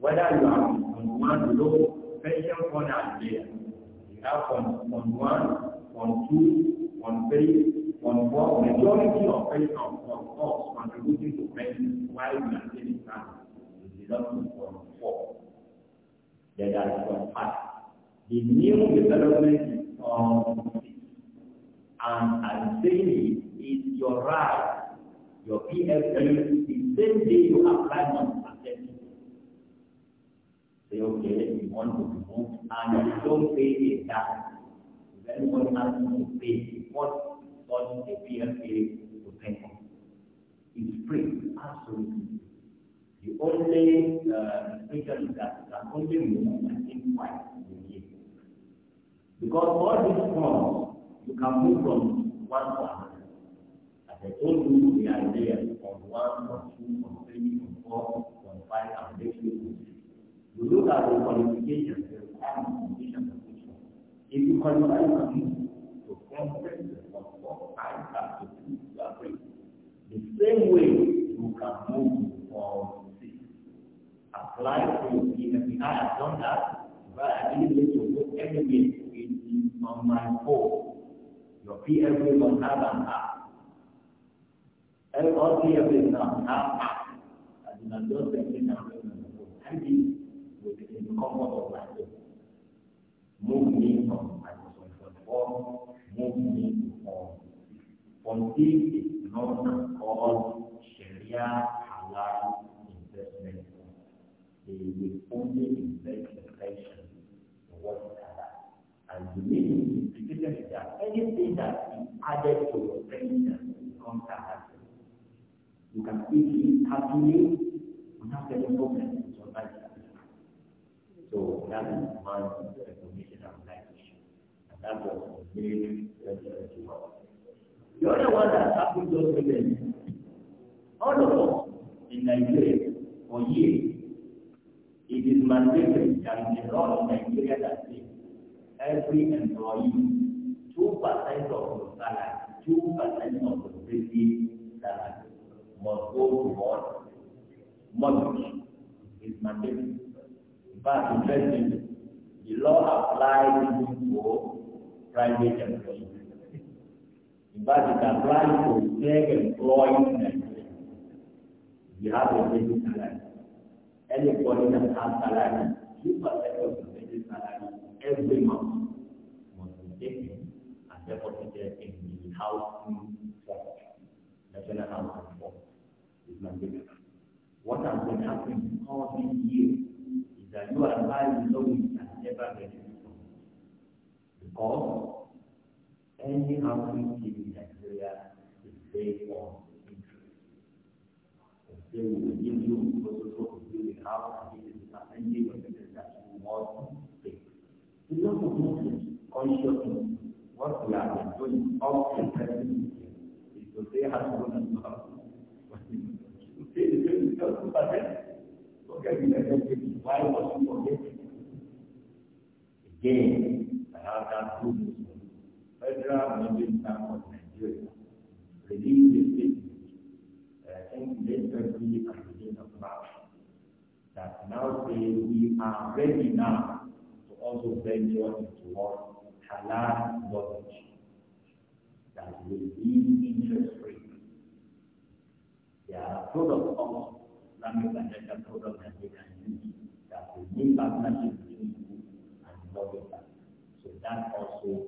whether you are on one low pension fund as there, you have on, on one, on two, on three, on for majority of patients course contributing to medicine while maintaining cancer is deducted from four. Then that is from five. The new development is on six. And I'm saying it is your right, your PF value, the same day you apply on attention. Say, okay, you want to remove, and you don't pay a tax. If anyone asks you to pay, what calling a PFA to pay It's free, absolutely. The only uh, is that you can only move and think twice in Because all these forms, you can move from one to another. As I told you, they are there from one, from two, from three, from four, from five, and from six. You look at the qualifications, the requirements, conditions of each If you qualify, you can move to form Same way, you can move from six. Apply to even I have done that, but I didn't need to go anywhere. in on my phone. Your PFA will have an app. And all PFA now have app. And you can just maintain and bring on the phone. I did the comfort of my home. Move me from I was form, move me From government called Sharia Halal Investment Fund. They will only invest the pension in halal. And the main is that anything that is added to your pension becomes halal. You can eat it happily without any problem. So that is one information I would like to share. And that was in May 2021. The other one that happened those women, all of us in Nigeria for years, it is mandated that the law of Nigeria that says every employee, 2% of the salary, 2% of the basic salary must go towards mortgage. It's mandated. But interestingly, the law applies even to private employees. In fact, it applies to self-employment. You have a basic salary. Anybody that has salary, two percent of the basic salary every month must be taken and deposited in the housing fund, national housing fund. It's not What has been happening all these years is that you are buying loans and never getting it because any outreach in Nigeria is based on interest. they will give you also to build it out and this is that you want to take. A lot of Muslims consciously what we are doing all the present is to say how to go and to say the same because two percent forget the identity. Why was you forgetting? Again, I have that good news Federal Bank of Nigeria released a statement uh, in late February and beginning of March that now say we are ready now to also venture into what halal mortgage that will be interest free. There are products also, Islamic financial products that they can use that will be partnership between you and mortgage So that also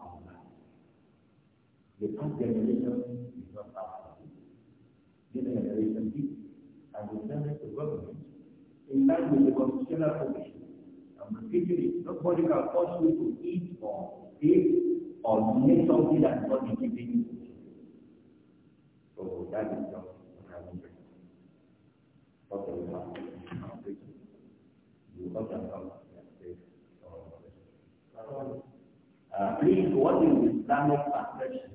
The past generation is not our This generation did, and we send it to government in line with the constitutional provision. I'm repeating it. Nobody can force you to eat or take or make something that's not giving you. So that is just what I want to say. Okay, you got your house. Uh, please, what is Islamic perception?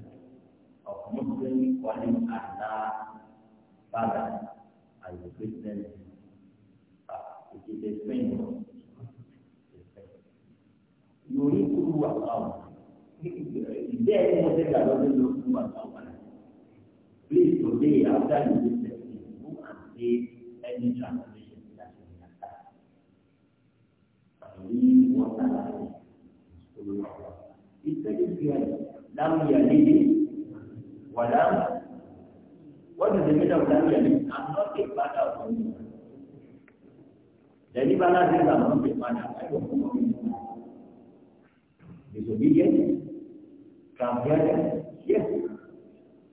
of Muslim Qalim Anna Bada and the Christian It is a strange word. You need to do a thousand. There is no thing that doesn't look to a thousand. Please today, after you do this thing, who can say any translation that you can have? We want to have it. It's very Walau Walau dia minta ulang yang ini Amal kepada orang Jadi bala dia tak mampu kepada Disobedient Kampian Yes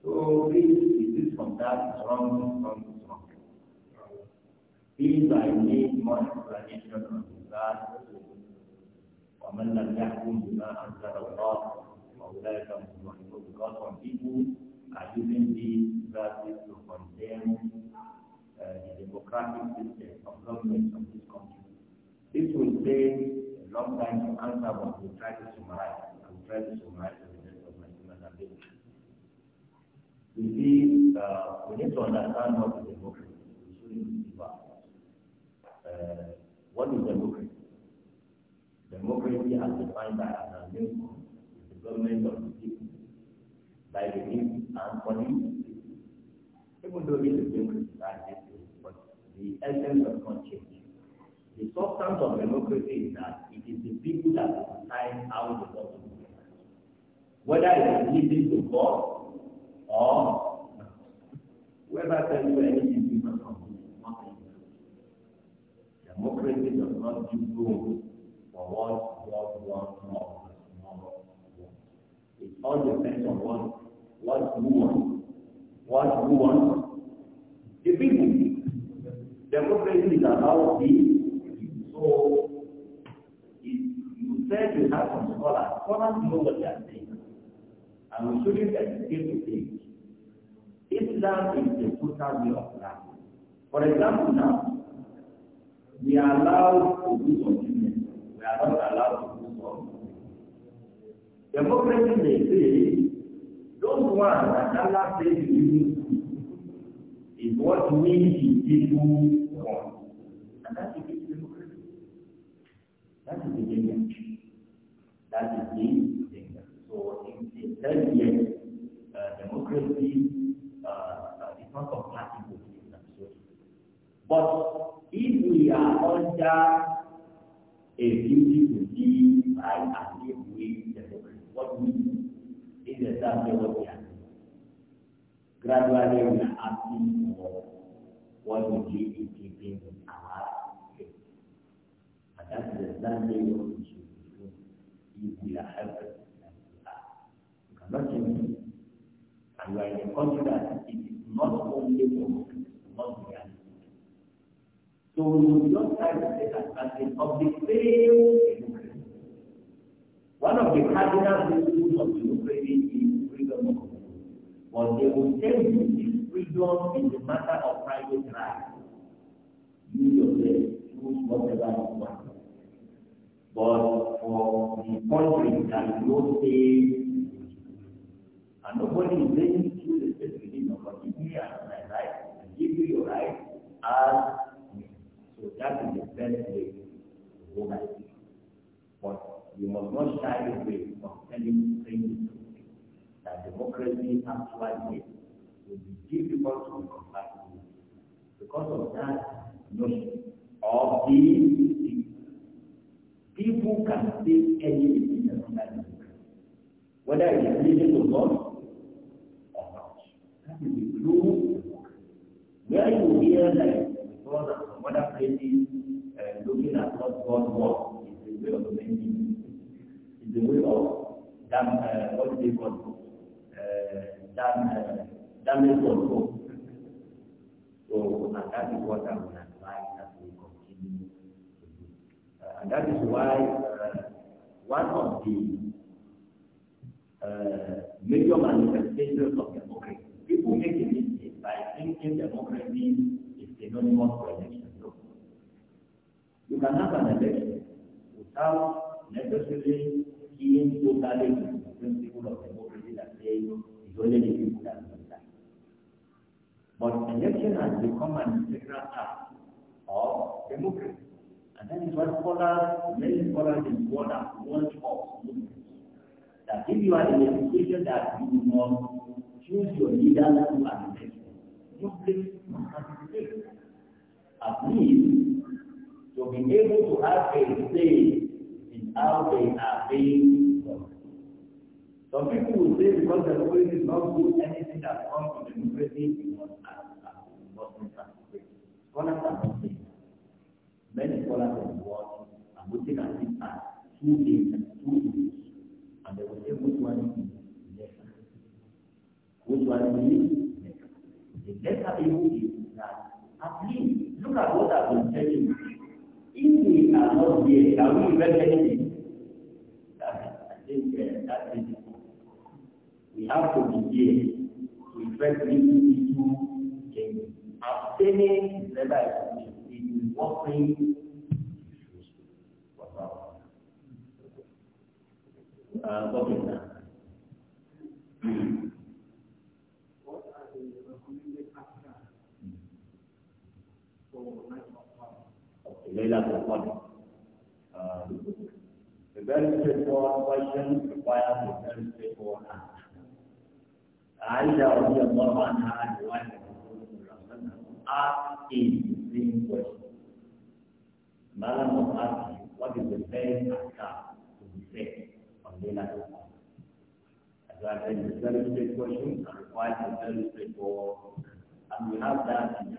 So please It is from that Strong Strong Strong Please I need more explanation on that. ومن لم يحكم بما انزل الله فاولئك هم المتقون are using these verses to condemn uh, the democratic system of government of this country. This will take a long time to answer, but we'll try to summarize. I will try to summarize the best of my human ability. You see, uh, we need to understand what is democracy. We shouldn't give up. Uh, what is democracy? Democracy, as defined by Adam Lincoln, is the government of the people by the means and Even though it is democracy, but the essence does not change. The substance of democracy is that it is the people that decide how the law is Whether it is leading to God or not. Whoever tells you anything different from this is not Democracy does not give room for what God wants more. It all depends on what what you want? What you want? The people. Democracy is about the so you said you have some scholars. Scholars know what they are saying. And we shouldn't hesitate to think. Islam is the total way of life. For example, now, we are allowed to do something. We are not allowed to do something. Democracy may say Those ones that Allah says to you is what we people want. And that is the democracy. That is the danger. That is the danger. So in, in 30 years, uh, democracy uh, uh, is not compatible with Islam. But if we are under a duty to live by and live democracy, what we de estar negociando. Graduaré una aquí como cuando yo y que vengo a amar a Dios. Acá se les dan de lo que se dijo y de la jefe de la ciudad. Porque no se me ayuda a encontrar y no se One of the cardinal principles of democracy is freedom of opinion. But they will tell you this freedom is a matter of private right. You yourself choose whatever you want. But for the country that is not safe, and nobody is ready to respect religion, but give me my right, and give you your right as so that is the best way to go by you must not shy away from telling strangers that democracy actually will be difficult to be compatible with. Because of that notion of the people can see anything decision on democracy, whether it is religion or not, That is the true Where you hear like the brothers from other places uh, looking at what God wants is the way of the way of dam, uh, what they call it? Uh, dam, uh, damage control. So, and that is what I would advise that we continue to do. Uh, and that is why uh, one of the uh, major manifestations of democracy, people make a mistake by thinking democracy is synonymous to election. No. You can have an election without necessarily y es total en el vínculo que ocurre de la ley y duele de vincular with that. But election has become an integral act of democracy. And then it's what scholars, many scholars in the world have warned us, that if you are in a situation that you must choose your leader to an election, you please participate. At least, to be able to have a say how they are being taught. Some people will say because the democracy is not good, anything that comes to democracy is not Muslim practice. Scholars are not saying Many scholars in the world are looking at it as two things and two issues, and they will say which one is lesser. Which one is lesser? The lesser evil is that at least look at what I've been telling you. Ini kalau dia tahu ibadah ini, that is that is we have to be here to effect living into in abstaining whether it is working uh, okay now. Laylatul Qadr. Um, uh, the very straightforward question requires a very straightforward answer. Aisha radiallahu anha, the wife of Rasulullah, asked him the same question. was asking, what is the best answer to be said on Laylatul Qadr? As I said, it's a very straight question and requires a very straightforward And we have that in the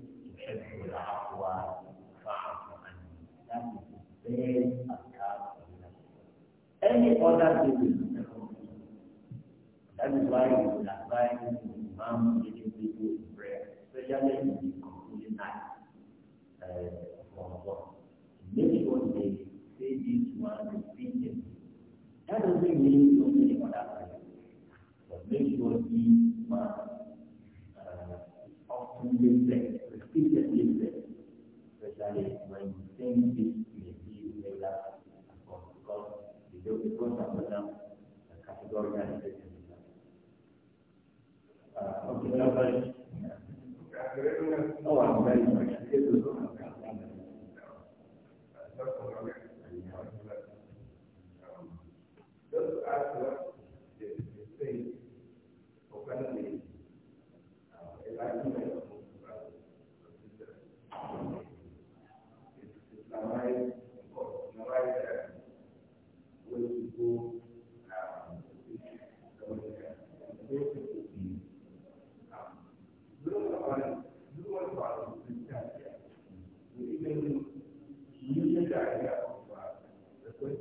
Any other people That is why we would advise Imam leading people in prayer, especially in the concluding night uh, of Ramadan. say this one repeatedly. That doesn't mean so many other prayers, but make sure each one uh, uh often listen, repeatedly especially when you think this organic. Uh, oh,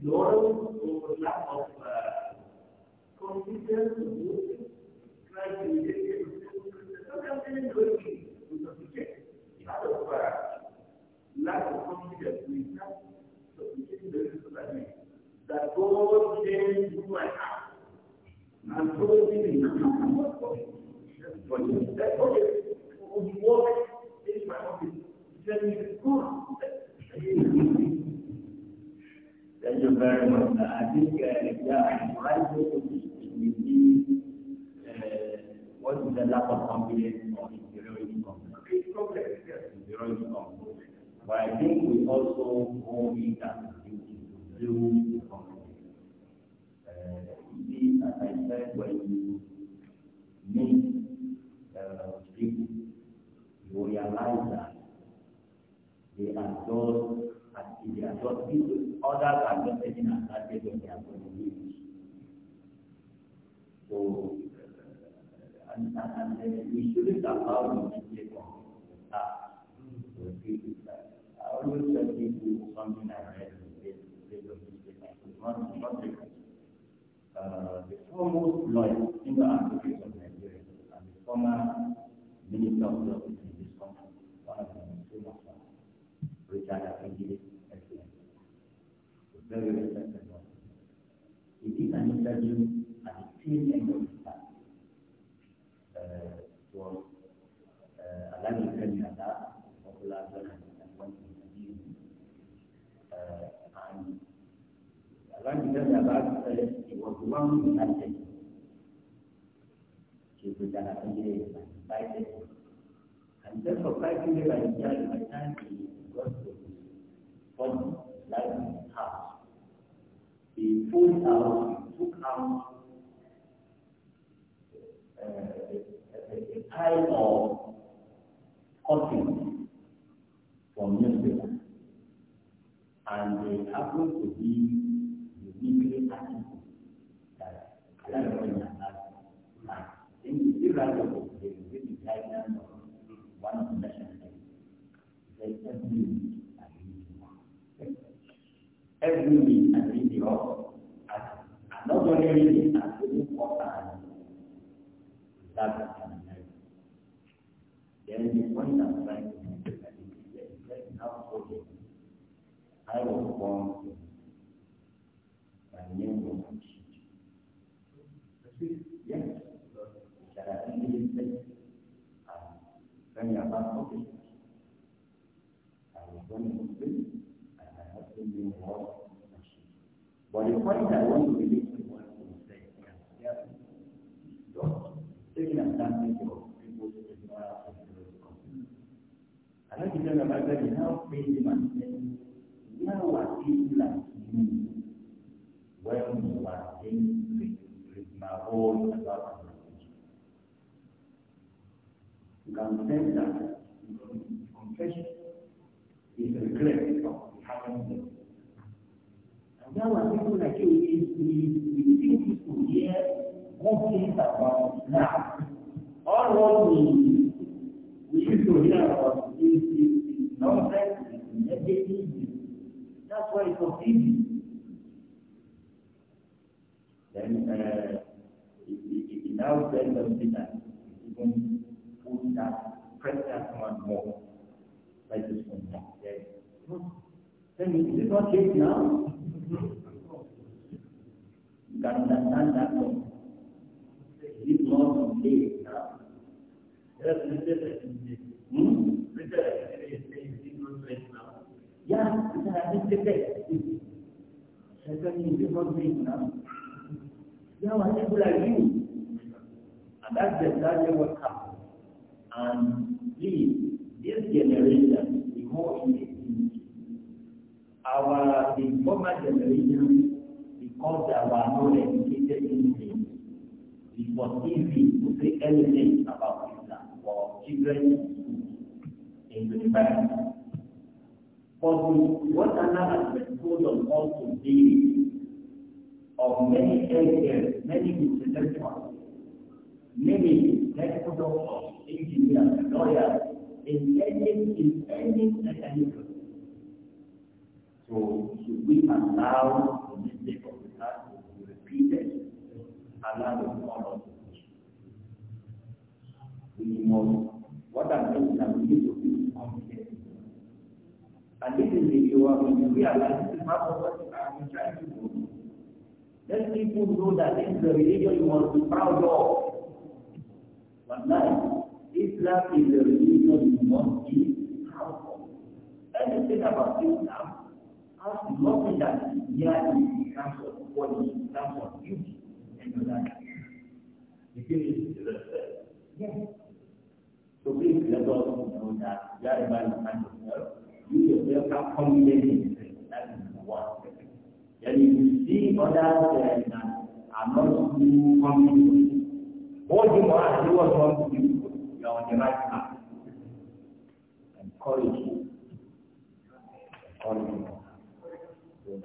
Normal overlap of computers who try to integrate sometimes they didn't do to sophisticated. of uh, lack of confidence, we have sophisticated learning strategy that God came to my heart and told me, I'm not going. That project was working in my office. He Thank you very much. Uh, I think, uh, yeah, I'm trying to see what is the lack of confidence or inferiority complex. Complex, yes. Inferiority complex. But I think we also owe it to the complex. Uh, as I said, when you meet uh, people, you realize that they are those hati dia buat itu order kami sejenak hati dunia pun ini so anak-anak saya ini sudah tak tahu macam dia kong tak jadi kita kalau kita itu kombinasi the foremost lawyer in the Archbishop of Nigeria and the former Minister of very respectable. It is an interview at the premium of the staff. It was a lot of training at that, popular person that went to interview me. Uh, and I'd like to tell you about it, uh, it was one of the best things. She was an affiliate of my society. And just for five years, I enjoyed my time to go to the forum, like he pulled out, uh, a, a of cutting from newspaper, and they happen to be the weekly article that Alan had In the article, they were the one of the national things every week and read the And, and not only reading, and reading for time. That can help. Then the point I'm trying to make is that it's very helpful. I was born my name was Rashid. Yes. and then you are not I was born in Muslim and my husband being but the point I want to relate to what you said here, yeah, taking advantage of people's ignorance and irresponsibility. I like to tell my how crazy man said, are people like you when you are things with, with my whole about religion. You can sense that confession is of having there were people like you, we think people here won't think about now. All we, we used to hear about is, is, That's why it's so easy. Then uh, it, it, it now sends Even put that pressure on more. Like this one. Then it is not safe now. Got to understand that one. It's not complete. Yes, hmm? Yeah, it's an administrative. Secondly, it's not being now. Yeah, one people like you. And please, this generation is more in it our the former generation because they were not educated in things. It was easy to say anything about Islam for children in the past. But what Allah has bestowed on us today of many areas, many intellectuals, many tech of engineers, lawyers, in any, in any academic so should we allow the mistake of the past to be repeated? Allow the fall We must, what I'm saying is that we need to be confident. And this is the issue of when you realize this is part of what I'm trying to do. Let people know that this is the religion you must be proud of. But now, Islam is the religion you want to be proud of. Anything about Islam Ask nothing that yeah, in terms of quality, in terms of beauty, and your life. The thing is Yes. So please let God know that you find yourself, you yourself have confidence in yourself. That is the one. Then you see others that are not too confident, hold him do to do. You are on the right path. Encourage him. Encourage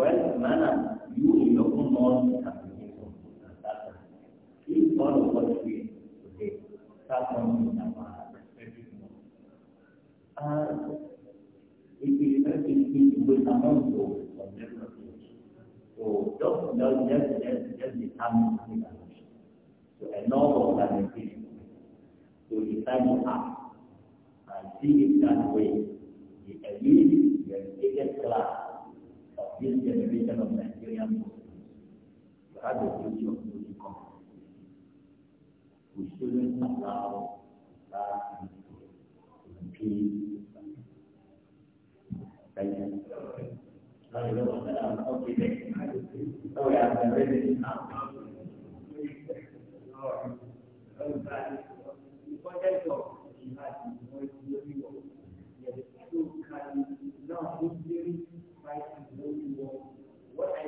Well, man, you in your own mind have been able to start Please follow what we today. Start from in our respective And it is very difficult to with among those from different age. So just, just, just, just just determine the direction. So a normal organization will decide to act and see it that way. The elite, the biggest class, this generation of Nigerian You have the duty of building confidence. We shouldn't allow that to impede Thank you. Now you know what I'm talking about. Oh, yeah, I'm ready now. Thank you.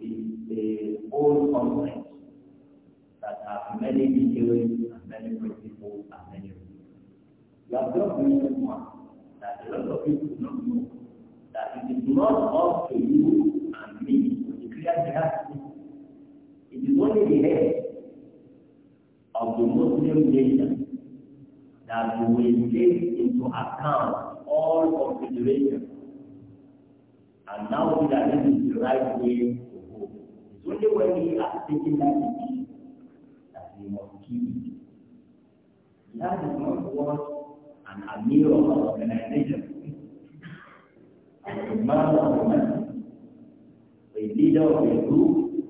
is a old that has many details and many principles and many rules. You have just mentioned one that a lot of people do not know that it is not up to you and me to declare jihad. It is only the head of the Muslim nation that will take into account all considerations. And now we are in the right way Ule wengi asitiki ndani lazima ukiri. That organization and mama the leader of the group,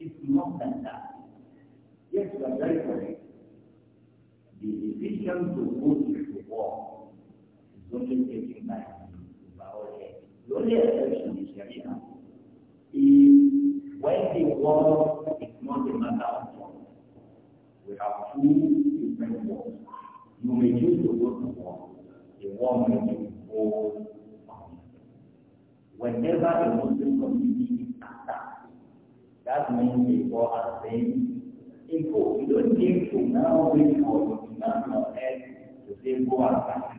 is not that. Yes, you are very correct. The decision to go to war is only taken by the head. The only exception is Sharia. Is When the war is not a matter of war, we have two different wars. You may choose to go to war. The war may be war. Whenever the Muslim community is attacked, that means the war has been imposed. You don't need to now wait for international help to say go attack.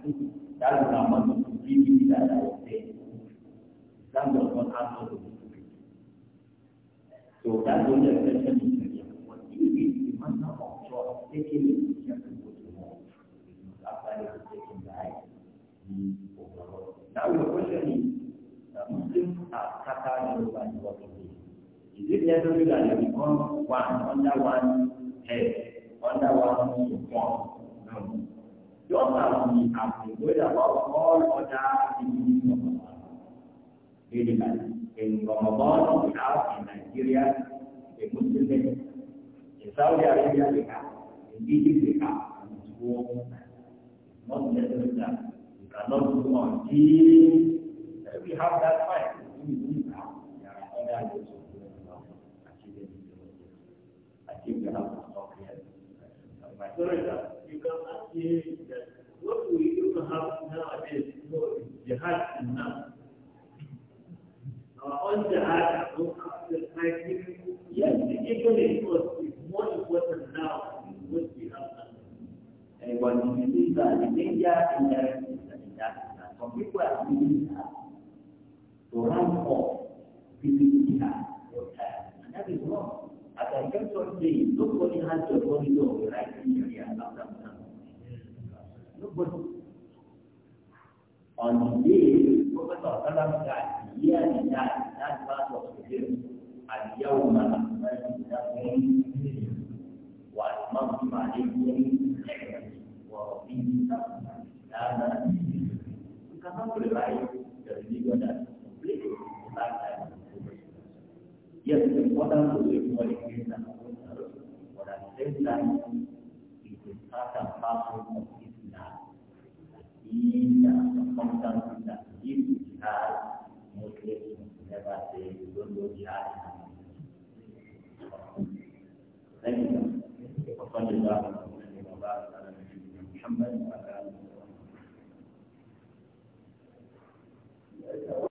That is not what of stupidity that I was saying. Islam does not have to So that was the question in India. What do you mean? You must not offshore taking it, you have to go to more. Because after you have taken that, the overall. Now your question is, the Muslims are scattered in over the world today. Is it necessary that you become one, under one head, under one uniform? No. Just as we have been worried about all other divisions of our really life. in Ramadan we have in Nigeria the Muslim In Saudi Arabia we have, in Egypt we have, in school, not necessary that we cannot go on uh, we have that fight. do I think My story is that you can achieve that what we do have nowadays, you jihad in now. on the hand of the hygiene, yes, the equally important is more important now than what we have done. And when you see that in India, in the United States, some people are using that to run off people in India, your time. And that is wrong. As I can sort of say, nobody has the body to be right in your ear, not that much. Nobody. On the day, Professor Salam died. تحية لله الناس ما تصبحون اليوم أكملت لكم وأتممت عليكم نعمتي ورضيت لكم الإسلام كما في الرأي تريدون Yes, it's important to live for the kingdom of God, but at the same time, it is part and parcel of Islam. It is a circumstance that gives us Yesu never say you don't know the heart. Thank you. وصلى الله وسلم وبارك على نبينا محمد وعلى